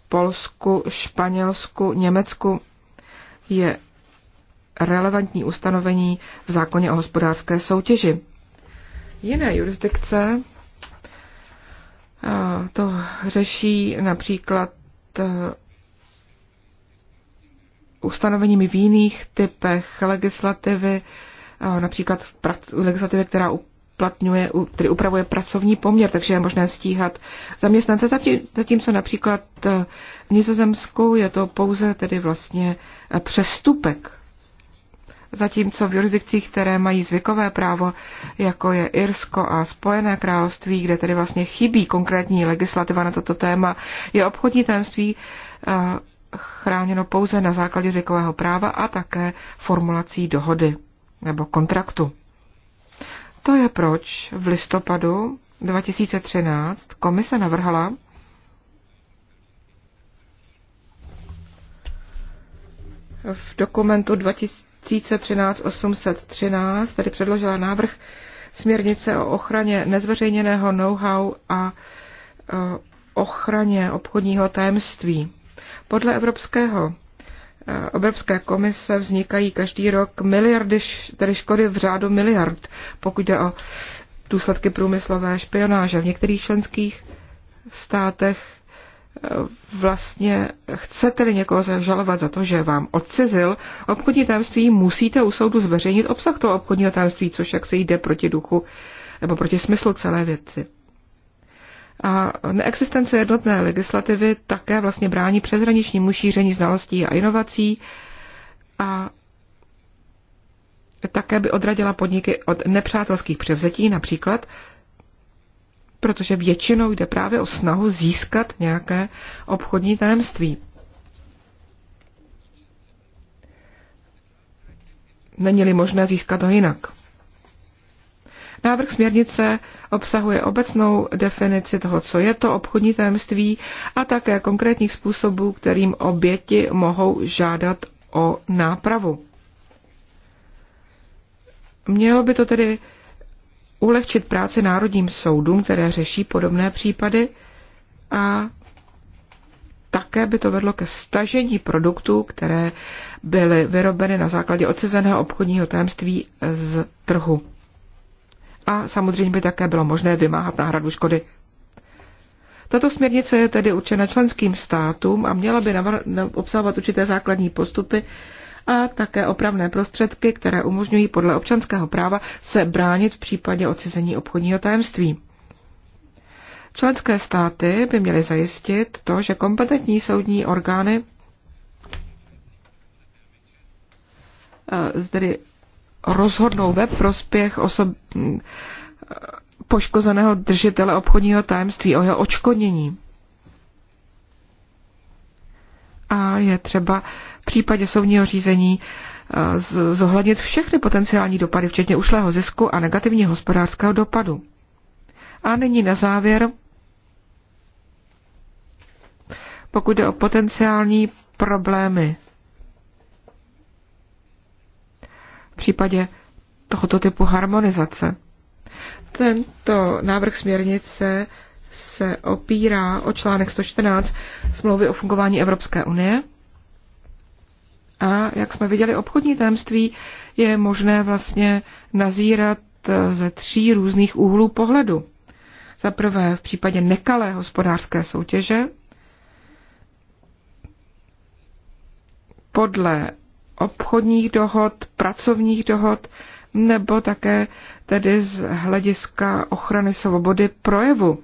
Polsku, Španělsku, Německu je relevantní ustanovení v zákoně o hospodářské soutěži. Jiné jurisdikce eh, to řeší například eh, ustanoveními v jiných typech legislativy, například v legislativě, která uplatňuje, který upravuje pracovní poměr, takže je možné stíhat zaměstnance, zatímco například eh, v Nizozemsku je to pouze tedy vlastně eh, přestupek. Zatímco v jurisdikcích, které mají zvykové právo, jako je Irsko a Spojené království, kde tedy vlastně chybí konkrétní legislativa na toto téma, je obchodní tajemství eh, chráněno pouze na základě zvykového práva a také formulací dohody nebo kontraktu. To je proč v listopadu 2013 komise navrhla, v dokumentu 2013-813, tedy předložila návrh směrnice o ochraně nezveřejněného know-how a e, ochraně obchodního tajemství. Podle evropského Eh, Evropské komise vznikají každý rok miliardy, tedy škody v řádu miliard, pokud jde o důsledky průmyslové špionáže. V některých členských státech eh, vlastně chcete-li někoho zažalovat za to, že vám odcizil obchodní tajemství, musíte u soudu zveřejnit obsah toho obchodního tajemství, což jak se jde proti duchu nebo proti smyslu celé věci. A neexistence jednotné legislativy také vlastně brání přeshraničnímu šíření znalostí a inovací a také by odradila podniky od nepřátelských převzetí například, protože většinou jde právě o snahu získat nějaké obchodní tajemství. Není-li možné získat ho jinak. Návrh směrnice obsahuje obecnou definici toho, co je to obchodní tajemství a také konkrétních způsobů, kterým oběti mohou žádat o nápravu. Mělo by to tedy ulehčit práci národním soudům, které řeší podobné případy a také by to vedlo ke stažení produktů, které byly vyrobeny na základě odcizeného obchodního tajemství z trhu a samozřejmě by také bylo možné vymáhat náhradu škody. Tato směrnice je tedy určena členským státům a měla by obsahovat určité základní postupy a také opravné prostředky, které umožňují podle občanského práva se bránit v případě odcizení obchodního tajemství. Členské státy by měly zajistit to, že kompetentní soudní orgány eh, zde rozhodnou ve prospěch osob hm, poškozeného držitele obchodního tajemství o jeho očkodnění. A je třeba v případě soudního řízení eh, zohlednit všechny potenciální dopady, včetně ušlého zisku a negativního hospodářského dopadu. A nyní na závěr, pokud jde o potenciální problémy případě tohoto typu harmonizace. Tento návrh směrnice se opírá o článek 114 smlouvy o fungování Evropské unie. A jak jsme viděli, obchodní tajemství je možné vlastně nazírat eh, ze tří různých úhlů pohledu. Za prvé v případě nekalé hospodářské soutěže, podle obchodních dohod, pracovních dohod, nebo také tedy z hlediska ochrany svobody projevu.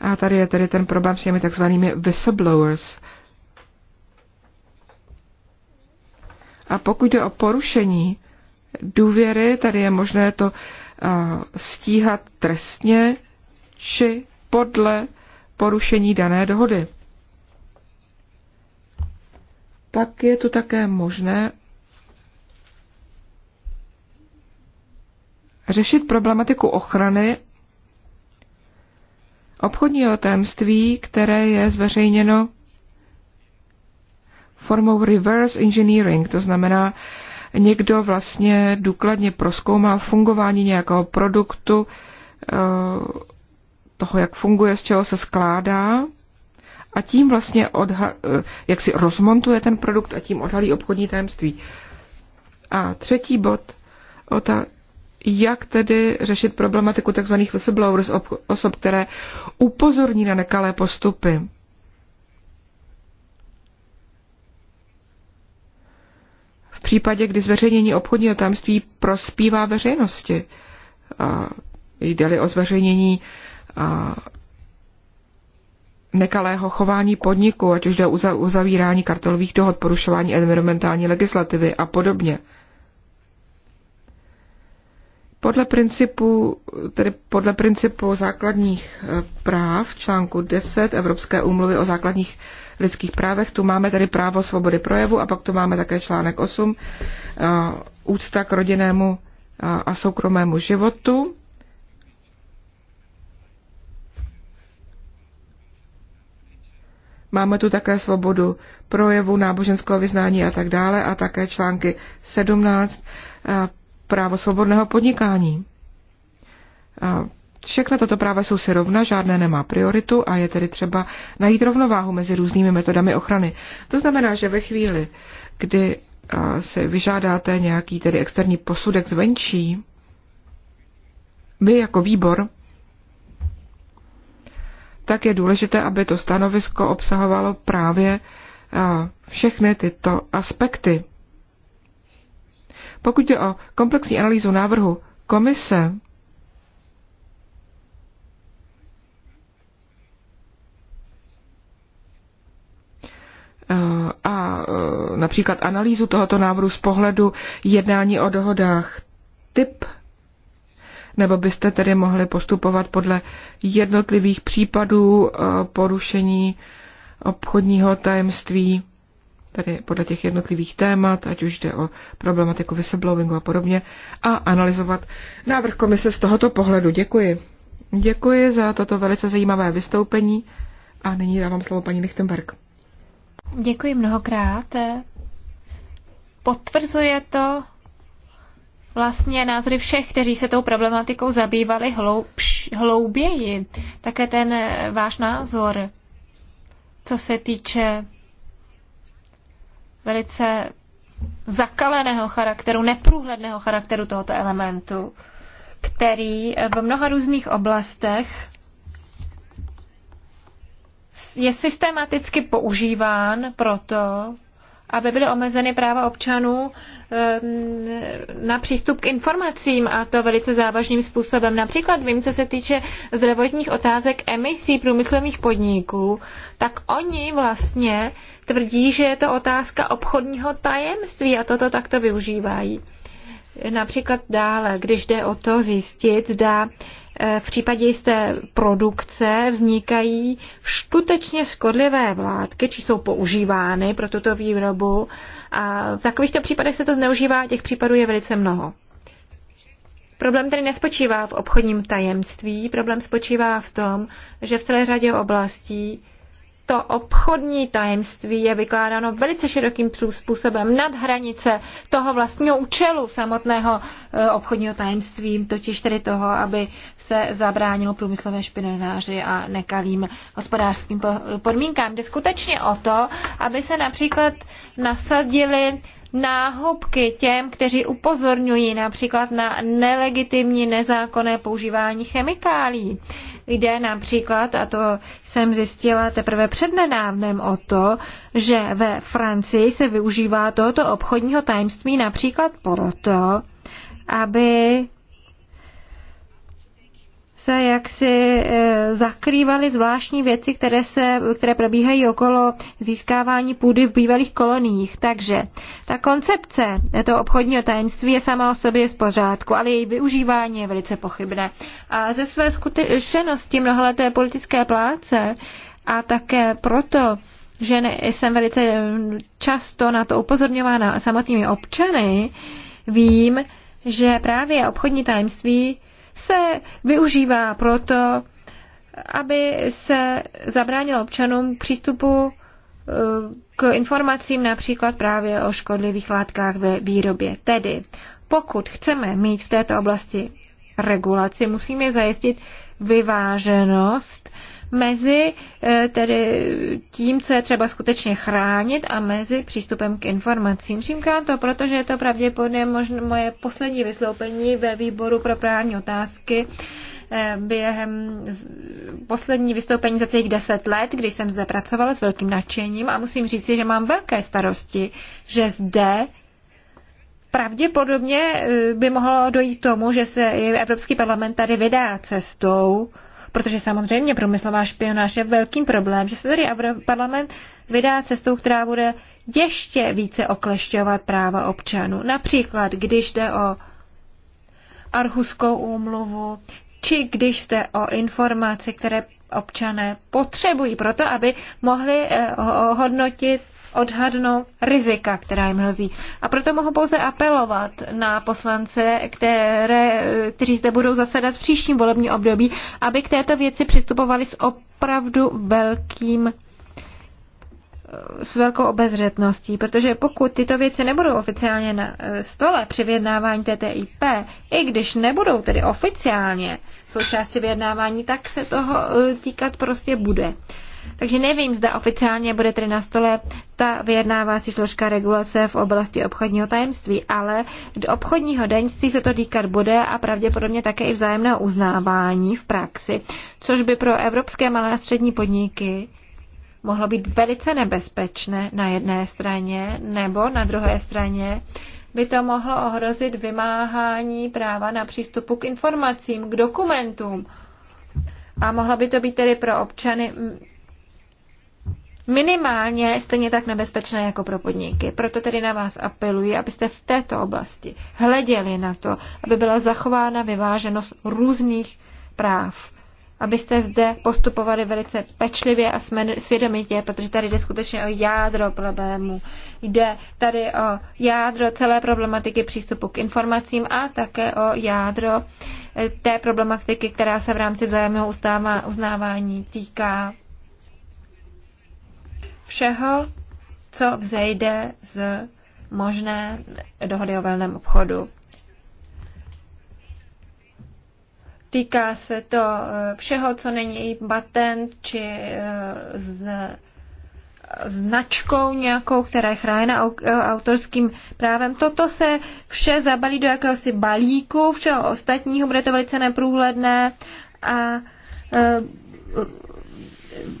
A tady je tedy ten problém s těmi takzvanými whistleblowers. A pokud jde o porušení důvěry, tady je možné to stíhat trestně či podle porušení dané dohody. Pak je tu také možné řešit problematiku ochrany obchodního tajemství, které je zveřejněno formou reverse engineering, to znamená, někdo vlastně důkladně proskoumá fungování nějakého produktu, eh, toho, jak funguje, z čeho se skládá, a tím vlastně odha- eh, jak si rozmontuje ten produkt a tím odhalí obchodní tajemství. A třetí bod, o ta, jak tedy řešit problematiku tzv. whistleblowers, osob, které upozorní na nekalé postupy. V případě, kdy zveřejnění obchodního tajemství prospívá veřejnosti, jde-li o zveřejnění nekalého chování podniku, ať už jde o uzavírání kartelových dohod, porušování environmentální legislativy a podobně. Podle principu, tedy podle principu základních eh, práv článku 10 Evropské úmluvy o základních lidských právech, tu máme tedy právo svobody projevu a pak tu máme také článek 8 eh, úcta k rodinnému eh, a soukromému životu. Máme tu také svobodu projevu, náboženského vyznání a tak dále a také články 17, eh, právo svobodného podnikání. Eh, všechna tato práva jsou si rovna, žádné nemá prioritu a je tedy třeba najít rovnováhu mezi různými metodami ochrany. To znamená, že ve chvíli, kdy eh, se vyžádáte nějaký tedy externí posudek zvenčí, my jako výbor tak je důležité, aby to stanovisko obsahovalo právě všechny tyto aspekty. Pokud jde o komplexní analýzu návrhu komise, a například analýzu tohoto návrhu z pohledu jednání o dohodách typ nebo byste tedy mohli postupovat podle jednotlivých případů eh, porušení obchodního tajemství, tedy podle těch jednotlivých témat, ať už jde o problematiku whistleblowingu a podobně, a analyzovat návrh komise z tohoto pohledu. Děkuji. Děkuji za toto velice zajímavé vystoupení a nyní dávám slovo paní Lichtenberg. Děkuji mnohokrát. Potvrzuje to vlastně názory všech, kteří se tou problematikou zabývali hloubš, hlouběji. Také ten eh, váš názor, co se týče velice zakaleného charakteru, neprůhledného charakteru tohoto elementu, který eh, v mnoha různých oblastech je systematicky používán proto, aby byly omezeny práva občanů eh, na přístup k informacím a to velice závažným způsobem. Například vím, co se týče zdravotních otázek emisí průmyslových podniků, tak oni vlastně tvrdí, že je to otázka obchodního tajemství a toto takto využívají. Například dále, když jde o to zjistit, zda v případě jisté produkce vznikají skutečně škodlivé vládky, či jsou používány pro tuto výrobu. A v takovýchto případech se to zneužívá, těch případů je velice mnoho. Problém tedy nespočívá v obchodním tajemství, problém spočívá v tom, že v celé řadě oblastí to obchodní tajemství je vykládáno velice širokým způsobem nad hranice toho vlastního účelu samotného e, obchodního tajemství, totiž tedy toho, aby se zabránilo průmyslové špinenáři a nekalým hospodářským podmínkám. Jde skutečně o to, aby se například nasadili náhubky těm, kteří upozorňují například na nelegitimní nezákonné používání chemikálí. Jde například, a to jsem zjistila teprve přednedávnem o to, že ve Francii se využívá tohoto obchodního tajemství například proto, aby se jaksi e, zakrývaly zvláštní věci, které, se, které probíhají okolo získávání půdy v bývalých koloniích. Takže ta koncepce toho obchodního tajemství je sama o sobě z pořádku, ale její využívání je velice pochybné. A ze své zkušenosti mnohaleté politické pláce a také proto, že ne, jsem velice e, často na to upozorňována samotnými občany, vím, že právě obchodní tajemství se využívá proto, aby se zabránilo občanům přístupu eh, k informacím například právě o škodlivých látkách ve výrobě. Tedy, pokud chceme mít v této oblasti regulaci, musíme zajistit vyváženost mezi eh, tedy tím, co je třeba skutečně chránit a mezi přístupem k informacím. Říkám to, protože je to pravděpodobně možno moje poslední vystoupení ve výboru pro právní otázky eh, během poslední vystoupení za těch deset let, když jsem zde pracovala s velkým nadšením a musím říct, že mám velké starosti, že zde pravděpodobně eh, by mohlo dojít k tomu, že se Evropský parlament tady vydá cestou, protože samozřejmě průmyslová špionáž je velkým problém, že se tady parlament vydá cestou, která bude ještě více oklešťovat práva občanů. Například, když jde o Archuskou úmluvu, či když jde o informace, které občané potřebují proto, aby mohli eh, hodnotit odhadnout rizika, která jim hrozí. A proto mohu pouze apelovat na poslance, které, kteří zde budou zasedat v příštím volebním období, aby k této věci přistupovali s opravdu velkým s velkou obezřetností, protože pokud tyto věci nebudou oficiálně na stole při vyjednávání TTIP, i když nebudou tedy oficiálně součástí vyjednávání, tak se toho eh, týkat prostě bude. Takže nevím, zda oficiálně bude tedy na stole ta vyjednávací složka regulace v oblasti obchodního tajemství, ale do obchodního daňství se to týkat bude a pravděpodobně také i vzájemného uznávání v praxi, což by pro evropské malé a střední podniky mohlo být velice nebezpečné na jedné straně nebo na druhé straně by to mohlo ohrozit vymáhání práva na přístupu k informacím, k dokumentům. A mohlo by to být tedy pro občany minimálně stejně tak nebezpečné jako pro podniky. Proto tedy na vás apeluji, abyste v této oblasti hleděli na to, aby byla zachována vyváženost různých práv abyste zde postupovali velice pečlivě a svědomitě, protože tady jde skutečně o jádro problému. Jde tady o jádro celé problematiky přístupu k informacím a také o jádro eh, té problematiky, která se v rámci vzájemného uznávání týká všeho, co vzejde z možné dohody o velném obchodu. Týká se to eh, všeho, co není patent či eh, z značkou nějakou, která je chráněna eh, autorským právem. Toto se vše zabalí do jakéhosi balíku, všeho ostatního, bude to velice neprůhledné a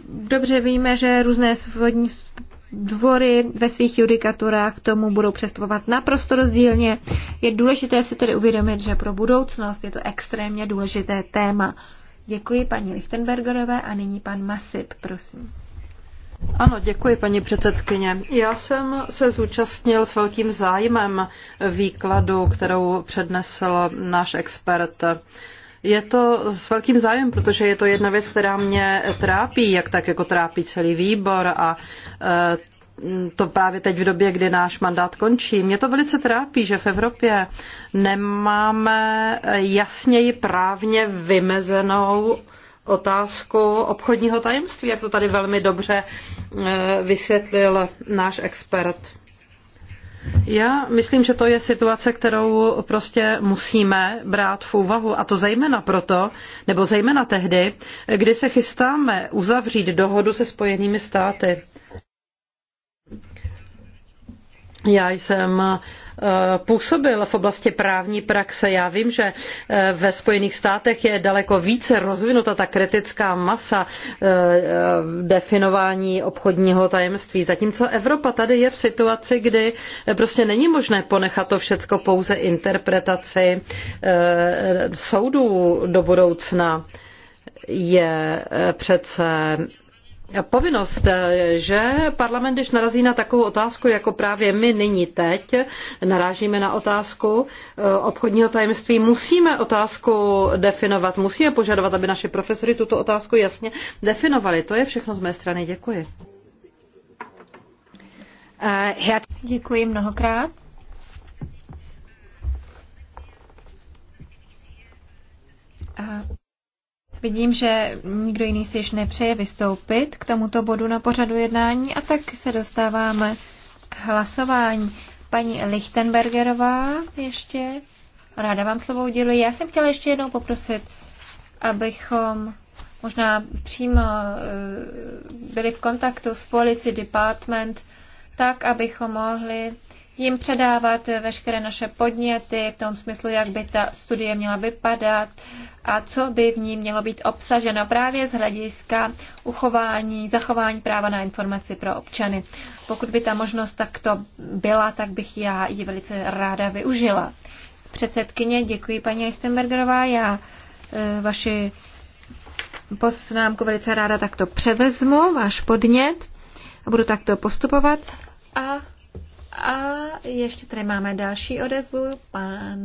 dobře víme, že různé svodní dvory ve svých judikaturách k tomu budou přestupovat naprosto rozdílně. Je důležité si tedy uvědomit, že pro budoucnost je to extrémně důležité téma. Děkuji paní Lichtenbergerové a nyní pan Masip, prosím. Ano, děkuji, paní předsedkyně. Já jsem se zúčastnil s velkým zájmem výkladu, kterou přednesl náš expert. Je to s velkým zájem, protože je to jedna věc, která mě trápí, jak tak jako trápí celý výbor a eh, to právě teď v době, kdy náš mandát končí. Mě to velice trápí, že v Evropě nemáme jasněji právně vymezenou otázku obchodního tajemství, jak to tady velmi dobře eh, vysvětlil náš expert. Já myslím, že to je situace, kterou prostě musíme brát v úvahu a to zejména proto, nebo zejména tehdy, kdy se chystáme uzavřít dohodu se spojenými státy. Já jsem Eh, působil v oblasti právní praxe. Já vím, že eh, ve Spojených státech je daleko více rozvinuta ta kritická masa eh, definování obchodního tajemství, zatímco Evropa tady je v situaci, kdy prostě není možné ponechat to všecko pouze interpretaci soudů do budoucna je přece povinnost, eh, že parlament, když narazí na takovou otázku, jako právě my nyní teď, narážíme na otázku eh, obchodního tajemství, musíme otázku definovat, musíme požadovat, aby naši profesory tuto otázku jasně definovali. To je všechno z mé strany. Děkuji. Eh, Děkuji mnohokrát. A Vidím, že nikdo jiný si již nepřeje vystoupit k tomuto bodu na pořadu jednání a tak se dostáváme k hlasování. Paní Lichtenbergerová ještě. Ráda vám slovo uděluji. Já jsem chtěla ještě jednou poprosit, abychom možná přímo eh, byli v kontaktu s Policy Department, tak, abychom mohli jim předávat veškeré naše podněty v tom smyslu, jak by ta studie měla vypadat, a co by v ní mělo být obsaženo právě z hlediska uchování, zachování práva na informaci pro občany. Pokud by ta možnost takto byla, tak bych já ji velice ráda využila. Předsedkyně, děkuji paní Lichtenbergerová, já e, vaši poznámku velice ráda takto převezmu, váš podnět a budu takto postupovat. A, a ještě tady máme další odezvu, pan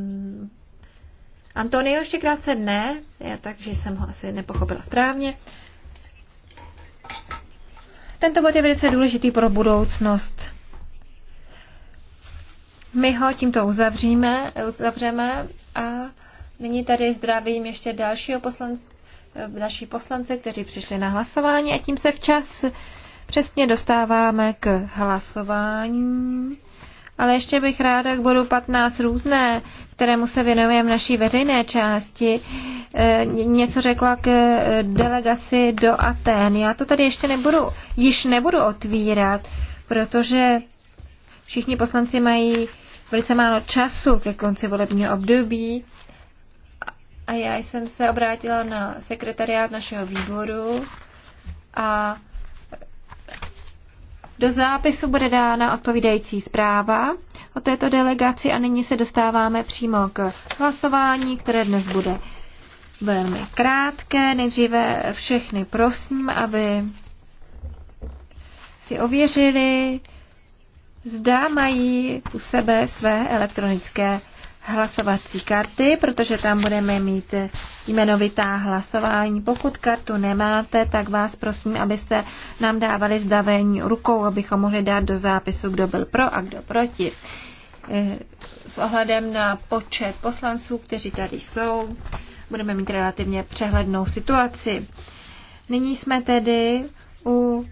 Antonio, ještě krátce ne, já, takže jsem ho asi nepochopila správně. Tento bod je velice důležitý pro budoucnost. My ho tímto uzavříme, uzavřeme a nyní tady zdravím ještě dalšího poslance, další poslance, kteří přišli na hlasování a tím se včas přesně dostáváme k hlasování. Ale ještě bych ráda k bodu 15 různé, kterému se věnujeme v naší veřejné části, e, něco řekla k e, delegaci do Aten. Já to tady ještě nebudu, již nebudu otvírat, protože všichni poslanci mají velice málo času ke konci volebního období. A já jsem se obrátila na sekretariát našeho výboru a do zápisu bude dána odpovídající zpráva o této delegaci a nyní se dostáváme přímo k hlasování, které dnes bude velmi krátké. Nejdříve všechny prosím, aby si ověřili, zda mají u sebe své elektronické hlasovací karty, protože tam budeme mít jmenovitá hlasování. Pokud kartu nemáte, tak vás prosím, abyste nám dávali zdavení rukou, abychom mohli dát do zápisu, kdo byl pro a kdo proti. Eh, s ohledem na počet poslanců, kteří tady jsou, budeme mít relativně přehlednou situaci. Nyní jsme tedy u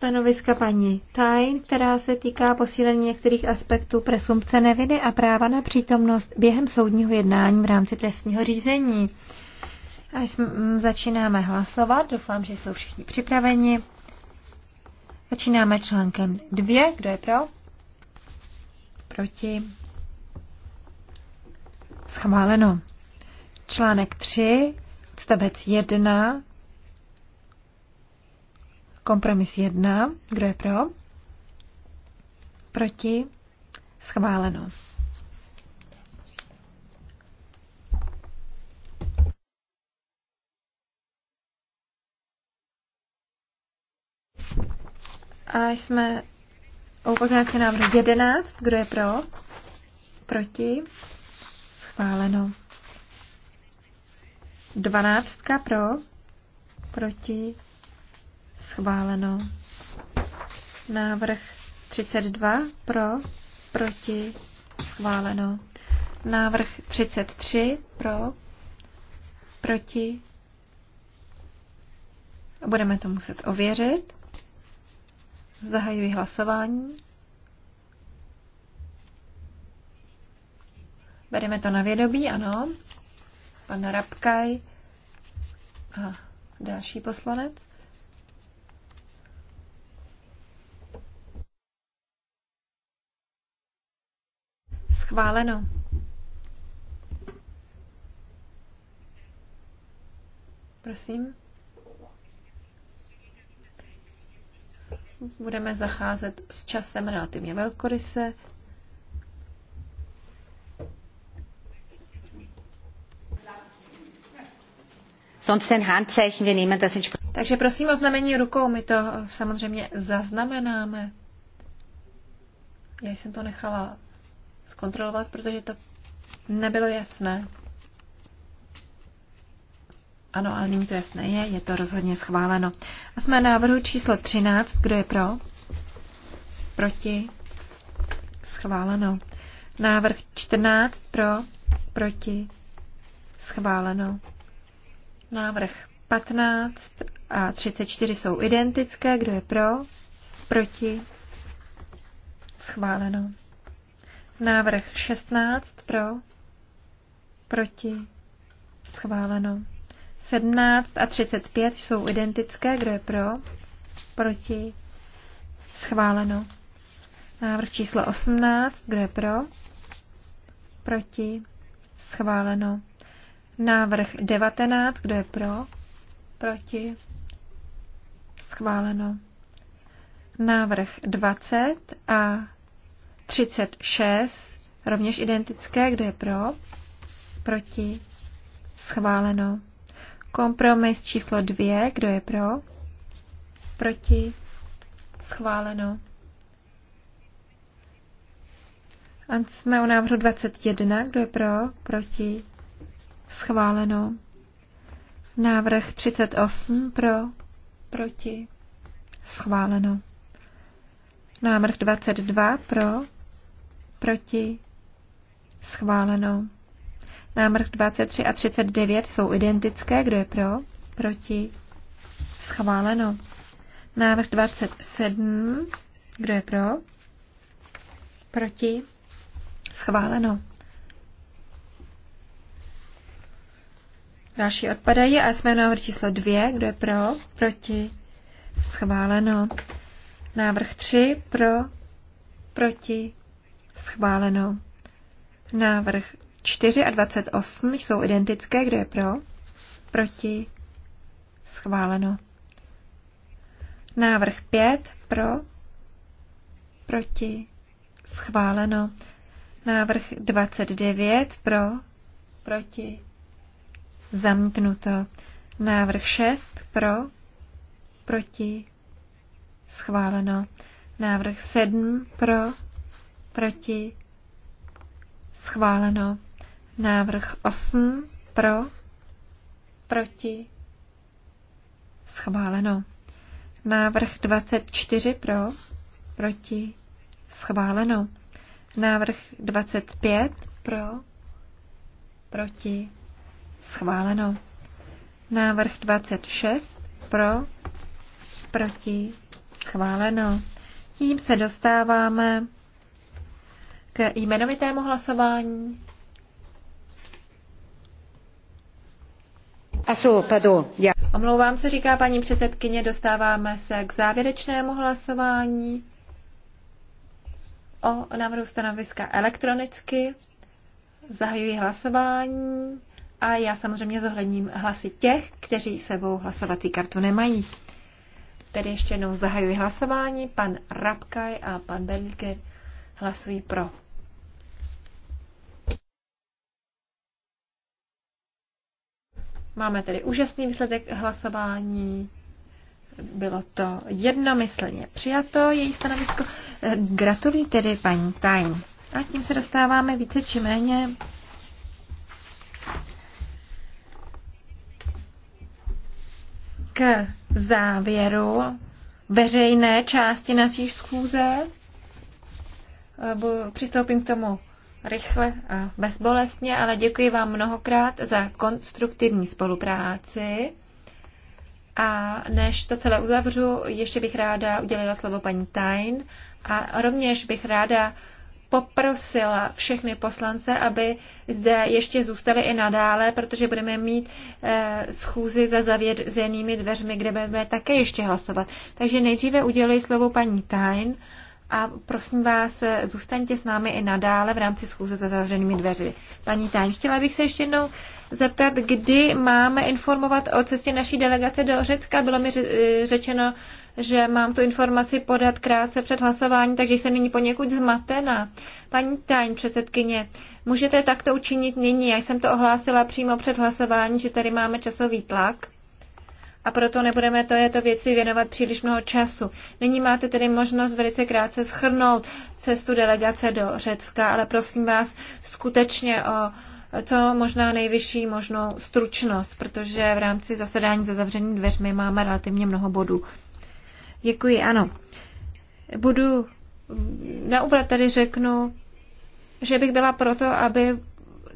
stanoviska paní Tain, která se týká posílení některých aspektů presumpce neviny a práva na přítomnost během soudního jednání v rámci trestního řízení. Až začínáme hlasovat, doufám, že jsou všichni připraveni. Začínáme článkem 2. Kdo je pro? Proti? Schváleno. Článek 3, odstavec 1, Kompromis 1. Kdo je pro? Proti? Schváleno. A jsme u pozměňovací návrhu 11. Kdo je pro? Proti? Schváleno. 12 pro? Proti? Schváleno. Návrh 32 pro, proti, schváleno. Návrh 33 pro, proti. Budeme to muset ověřit. Zahajuji hlasování. Bereme to na vědobí, ano. Pan Rabkaj a další poslanec. Schváleno. Prosím. Budeme zacházet s časem relativně velkoryse. Takže prosím o znamení rukou, my to eh, samozřejmě zaznamenáme. Já jsem to nechala zkontrolovat, protože to nebylo jasné. Ano, ale nyní to jasné je, je to rozhodně schváleno. A jsme na návrhu číslo 13, kdo je pro? Proti? Schváleno. Návrh 14 pro, proti, schváleno. Návrh 15 a 34 jsou identické, kdo je pro, proti, schváleno. Návrh 16 pro, proti, schváleno. 17 a 35 jsou identické, kdo je pro, proti, schváleno. Návrh číslo 18, kdo je pro, proti, schváleno. Návrh 19, kdo je pro, proti, schváleno. Návrh 20 a 36, rovněž identické, kdo je pro, proti, schváleno. Kompromis číslo 2, kdo je pro, proti, schváleno. A jsme u návrhu 21, kdo je pro, proti, schváleno. Návrh 38 pro, proti, schváleno. Návrh 22 pro, proti, schváleno. Návrh 23 a 39 jsou identické, kdo je pro, proti, schváleno. Návrh 27, kdo je pro, proti, schváleno. Další odpadají a jsme návrh číslo 2, kdo je pro, proti, schváleno. Návrh 3, pro, proti, Schváleno. Návrh 4 a 28 jsou identické. Kdo je pro? Proti? Schváleno. Návrh 5 pro? Proti? Schváleno. Návrh 29 pro? Proti? Zamítnuto. Návrh 6 pro? Proti? Schváleno. Návrh 7 pro? proti, schváleno. Návrh 8 pro, proti, schváleno. Návrh 24 pro, proti, schváleno. Návrh 25 pro, proti, schváleno. Návrh 26 pro, proti, schváleno. Tím se dostáváme k jmenovitému hlasování. Omlouvám se, říká paní předsedkyně, dostáváme se k závěrečnému hlasování o návrhu stanoviska elektronicky. Zahajuji hlasování a já samozřejmě zohledním hlasy těch, kteří sebou hlasovací kartu nemají. Tedy ještě jednou zahajuji hlasování. Pan Rabkaj a pan Berlíker hlasují pro. Máme tedy úžasný výsledek hlasování. Bylo to jednomyslně přijato, její stanovisko. Eh, Gratuluji tedy paní Tajn. A tím se dostáváme více či méně k závěru veřejné části naší schůze. Eh, přistoupím k tomu rychle a bezbolestně, ale děkuji vám mnohokrát za konstruktivní spolupráci. A než to celé uzavřu, ještě bych ráda udělila slovo paní Tain a rovněž bych ráda poprosila všechny poslance, aby zde ještě zůstali i nadále, protože budeme mít eh, schůzi za zavěřenými dveřmi, kde budeme také ještě hlasovat. Takže nejdříve uděluji slovo paní Tain a prosím vás, zůstaňte s námi i nadále v rámci schůze za zavřenými dveři. Paní Táň, chtěla bych se ještě jednou zeptat, kdy máme informovat o cestě naší delegace do Řecka. Bylo mi řečeno, že mám tu informaci podat krátce před hlasováním, takže jsem nyní poněkud zmatena. Paní Táň předsedkyně, můžete takto učinit nyní? Já jsem to ohlásila přímo před hlasováním, že tady máme časový tlak a proto nebudeme této věci věnovat příliš mnoho času. Nyní máte tedy možnost velice krátce schrnout cestu delegace do Řecka, ale prosím vás skutečně o co možná nejvyšší možnou stručnost, protože v rámci zasedání za zavřenými dveřmi máme relativně mnoho bodů. Děkuji, ano. Budu na úvod tady řeknu, že bych byla proto, aby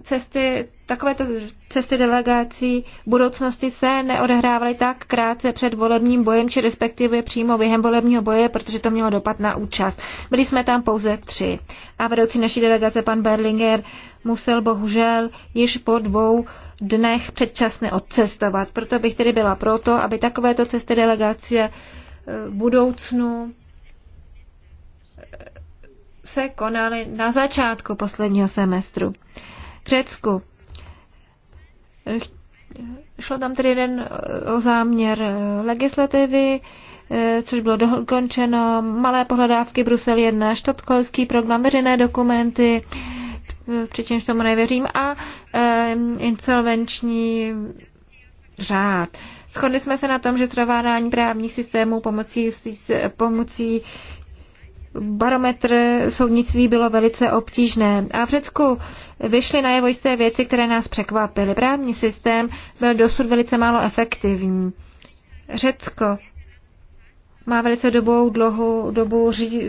cesty, takovéto cesty delegací v budoucnosti se neodehrávaly tak krátce před volebním bojem, či respektive přímo během volebního boje, protože to mělo dopad na účast. Byli jsme tam pouze tři. A vedoucí naší delegace, pan Berlinger, musel bohužel již po dvou dnech předčasně odcestovat. Proto bych tedy byla proto, aby takovéto cesty delegace eh, v budoucnu eh, se konaly na začátku posledního semestru v Řecku. Šlo tam tedy jeden eh, o záměr eh, legislativy, eh, což bylo dokončeno, malé pohledávky Brusel 1, štotkolský program, veřejné dokumenty, přičemž tomu nevěřím, a insolvenční řád. Shodli jsme se na tom, že srovnání právních systémů pomocí, pomocí barometr soudnictví bylo velice obtížné. A v Řecku vyšly najevo jisté věci, které nás překvapily. Právní systém byl dosud velice málo efektivní. Řecko má velice dobou, dlouhou dobu ří,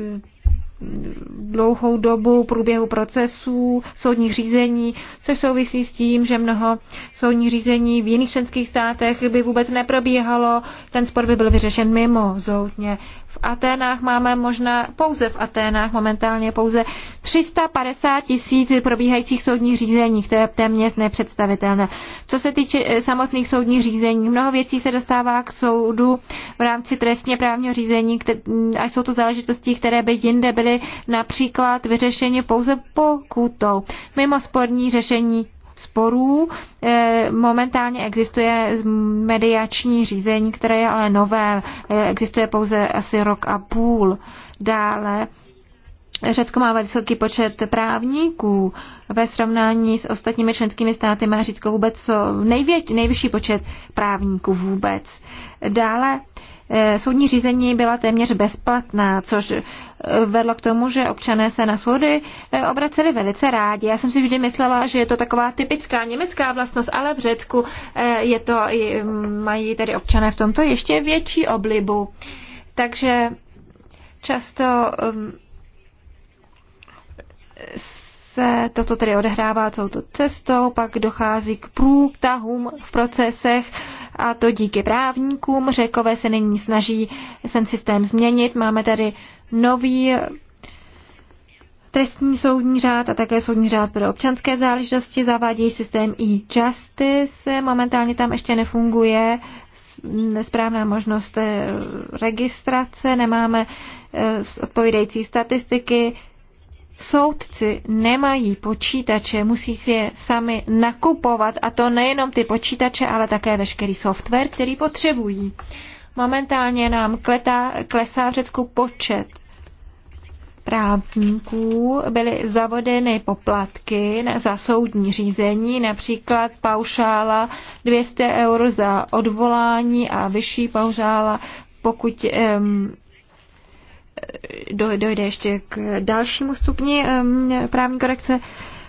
dlouhou dobu průběhu procesů, soudních řízení, což souvisí s tím, že mnoho soudních řízení v jiných členských státech by vůbec neprobíhalo, ten spor by byl vyřešen mimo zoutně v Aténách máme možná pouze v Aténách momentálně pouze 350 tisíc probíhajících soudních řízení, to je téměř nepředstavitelné. Co se týče eh, samotných soudních řízení, mnoho věcí se dostává k soudu v rámci trestně právního řízení mm, a jsou to záležitosti, které by jinde byly například vyřešeny pouze pokutou. Mimo sporní řešení sporů. Eh, momentálně existuje mediační řízení, které je ale nové, eh, existuje pouze asi rok a půl. Dále Řecko má vysoký počet právníků. Ve srovnání s ostatními členskými státy má Řecko vůbec nejvě, nejvyšší počet právníků vůbec. Dále Eh, soudní řízení byla téměř bezplatná, což eh, vedlo k tomu, že občané se na soudy eh, obraceli velice rádi. Já jsem si vždy myslela, že je to taková typická německá vlastnost, ale v Řecku je to, mají tedy občané v tomto ještě větší oblibu. Takže často se toto tedy odehrává celou tu cestou, pak dochází k průtahům v procesech, a to díky právníkům. Řekové se nyní snaží ten systém změnit. Máme tady nový trestní soudní řád a také soudní řád pro občanské záležitosti. Zavádějí systém e-justice. Momentálně tam ještě nefunguje nesprávná možnost eh, registrace, nemáme eh, odpovídající statistiky, Soudci nemají počítače, musí si je sami nakupovat a to nejenom ty počítače, ale také veškerý software, který potřebují. Momentálně nám kletá, klesá v Řecku počet právníků byly zavodeny poplatky za soudní řízení, například paušála 200 eur za odvolání a vyšší paušála, pokud um, dojde ještě k dalšímu stupni právní korekce.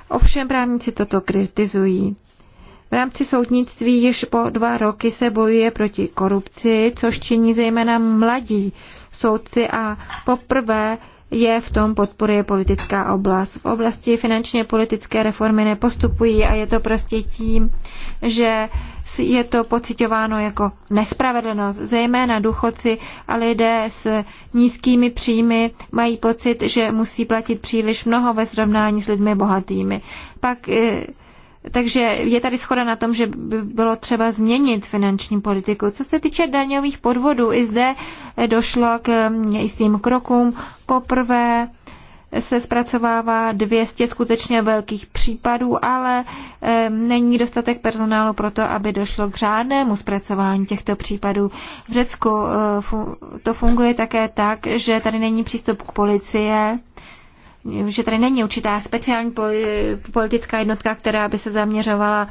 Ovšem právníci toto kritizují. V rámci soudnictví již po dva roky se bojuje proti korupci, což činí zejména mladí soudci a poprvé je v tom podporuje politická oblast. V oblasti finančně politické reformy nepostupují a je to prostě tím, že je to pocitováno jako nespravedlnost. Zejména důchodci a lidé s nízkými příjmy mají pocit, že musí platit příliš mnoho ve srovnání s lidmi bohatými. Pak eh, takže je tady schoda na tom, že by bylo třeba změnit finanční politiku. Co se týče daňových podvodů, i zde došlo k mm, jistým krokům. Poprvé se zpracovává 200 skutečně velkých případů, ale e, není dostatek personálu pro to, aby došlo k řádnému zpracování těchto případů. V Řecku e, fu, to funguje také tak, že tady není přístup k policie že tady není určitá speciální politická jednotka, která by se zaměřovala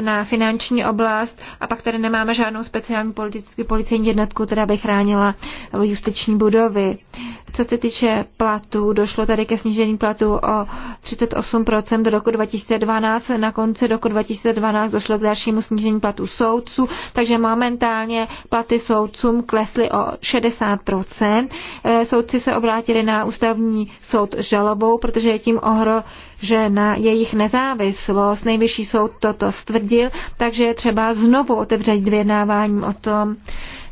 na finanční oblast a pak tady nemáme žádnou speciální politický, policejní jednotku, která by chránila justiční budovy. Co se týče platů, došlo tady ke snížení platů o 38% do roku 2012. Na konci roku 2012 došlo k dalšímu snížení platů soudců, takže momentálně platy soudcům klesly o 60%. Eh, soudci se obrátili na ústavní soud žalob žalobou, protože je tím ohrožena jejich nezávislost. Nejvyšší soud toto stvrdil, takže je třeba znovu otevřít vyjednávání o tom,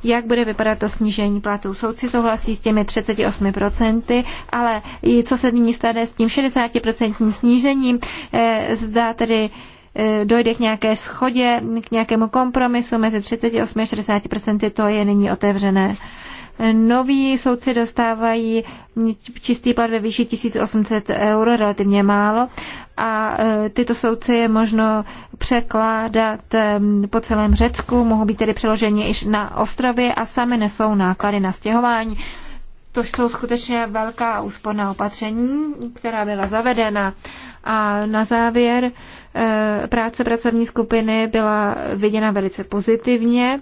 jak bude vypadat to snížení platů. Soudci souhlasí s těmi 38%, ale i co se nyní stane s tím 60% snížením, eh, zdá tedy eh, dojde k nějaké schodě, k nějakému kompromisu mezi 38 a 60%, to je nyní otevřené. Noví soudci dostávají čistý plat ve výši 1800 eur, relativně málo, a e, tyto soudci je možno překládat e, po celém Řecku, mohou být tedy přeloženi i na ostrovy a sami nesou náklady na stěhování. To jsou skutečně velká úsporná opatření, která byla zavedena. A na závěr e, práce pracovní skupiny byla viděna velice pozitivně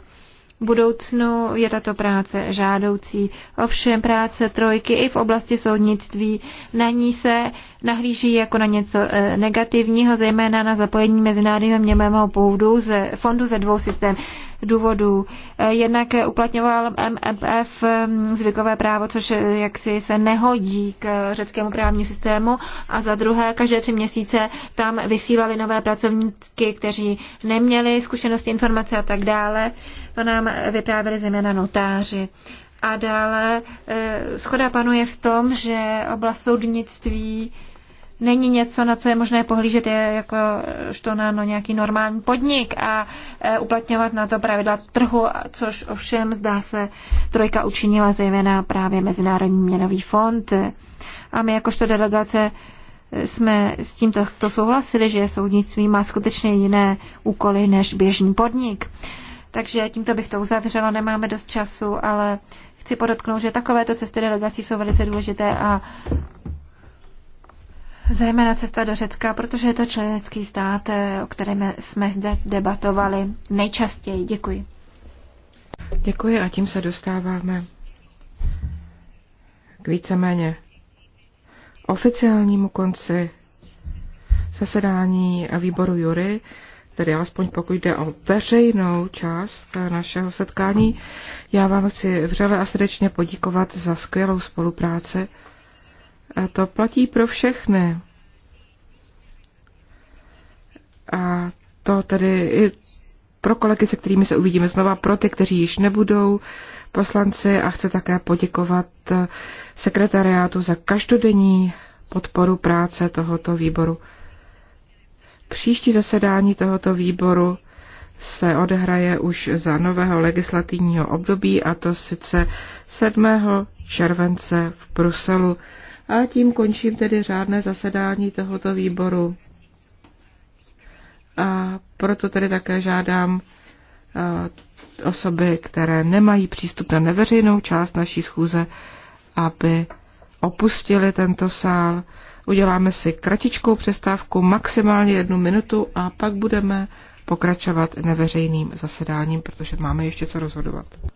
budoucnu je tato práce žádoucí. Ovšem práce trojky i v oblasti soudnictví na ní se nahlíží jako na něco e, negativního, zejména na zapojení mezinárodního měmého půdu ze fondu ze dvou systém důvodů. Eh, jednak uplatňoval MMF zvykové právo, což eh, jaksi se nehodí k eh, řeckému právnímu systému. A za druhé, každé tři měsíce tam vysílali nové pracovníky, kteří neměli zkušenosti, informace a tak dále. To nám vyprávěli zejména notáři. A dále schoda panuje v tom, že oblast soudnictví není něco, na co je možné pohlížet je jako to na no, nějaký normální podnik a e, uplatňovat na to pravidla trhu, což ovšem zdá se trojka učinila zejména právě Mezinárodní měnový fond. A my jakožto delegace e, jsme s tím to souhlasili, že soudnictví má skutečně jiné úkoly než běžný podnik. Takže tímto bych to uzavřela, nemáme dost času, ale chci podotknout, že takovéto cesty delegací jsou velice důležité a zejména cesta do Řecka, protože je to členecký stát, eh, o kterém jsme zde debatovali nejčastěji. Děkuji. Děkuji a tím se dostáváme k víceméně oficiálnímu konci zasedání výboru Jury, tedy alespoň pokud jde o veřejnou část našeho setkání. Já vám chci vřele a srdečně poděkovat za skvělou spolupráci a to platí pro všechny. A to tedy i pro kolegy, se kterými se uvidíme znova, pro ty, kteří již nebudou poslanci a chci také poděkovat eh, sekretariátu za každodenní podporu práce tohoto výboru. Příští zasedání tohoto výboru se odehraje už za nového legislativního období, a to sice 7. července v Bruselu. A tím končím tedy řádné zasedání tohoto výboru. A proto tedy také žádám osoby, které nemají přístup na neveřejnou část naší schůze, aby opustili tento sál. Uděláme si kratičkou přestávku, maximálně jednu minutu a pak budeme pokračovat neveřejným zasedáním, protože máme ještě co rozhodovat.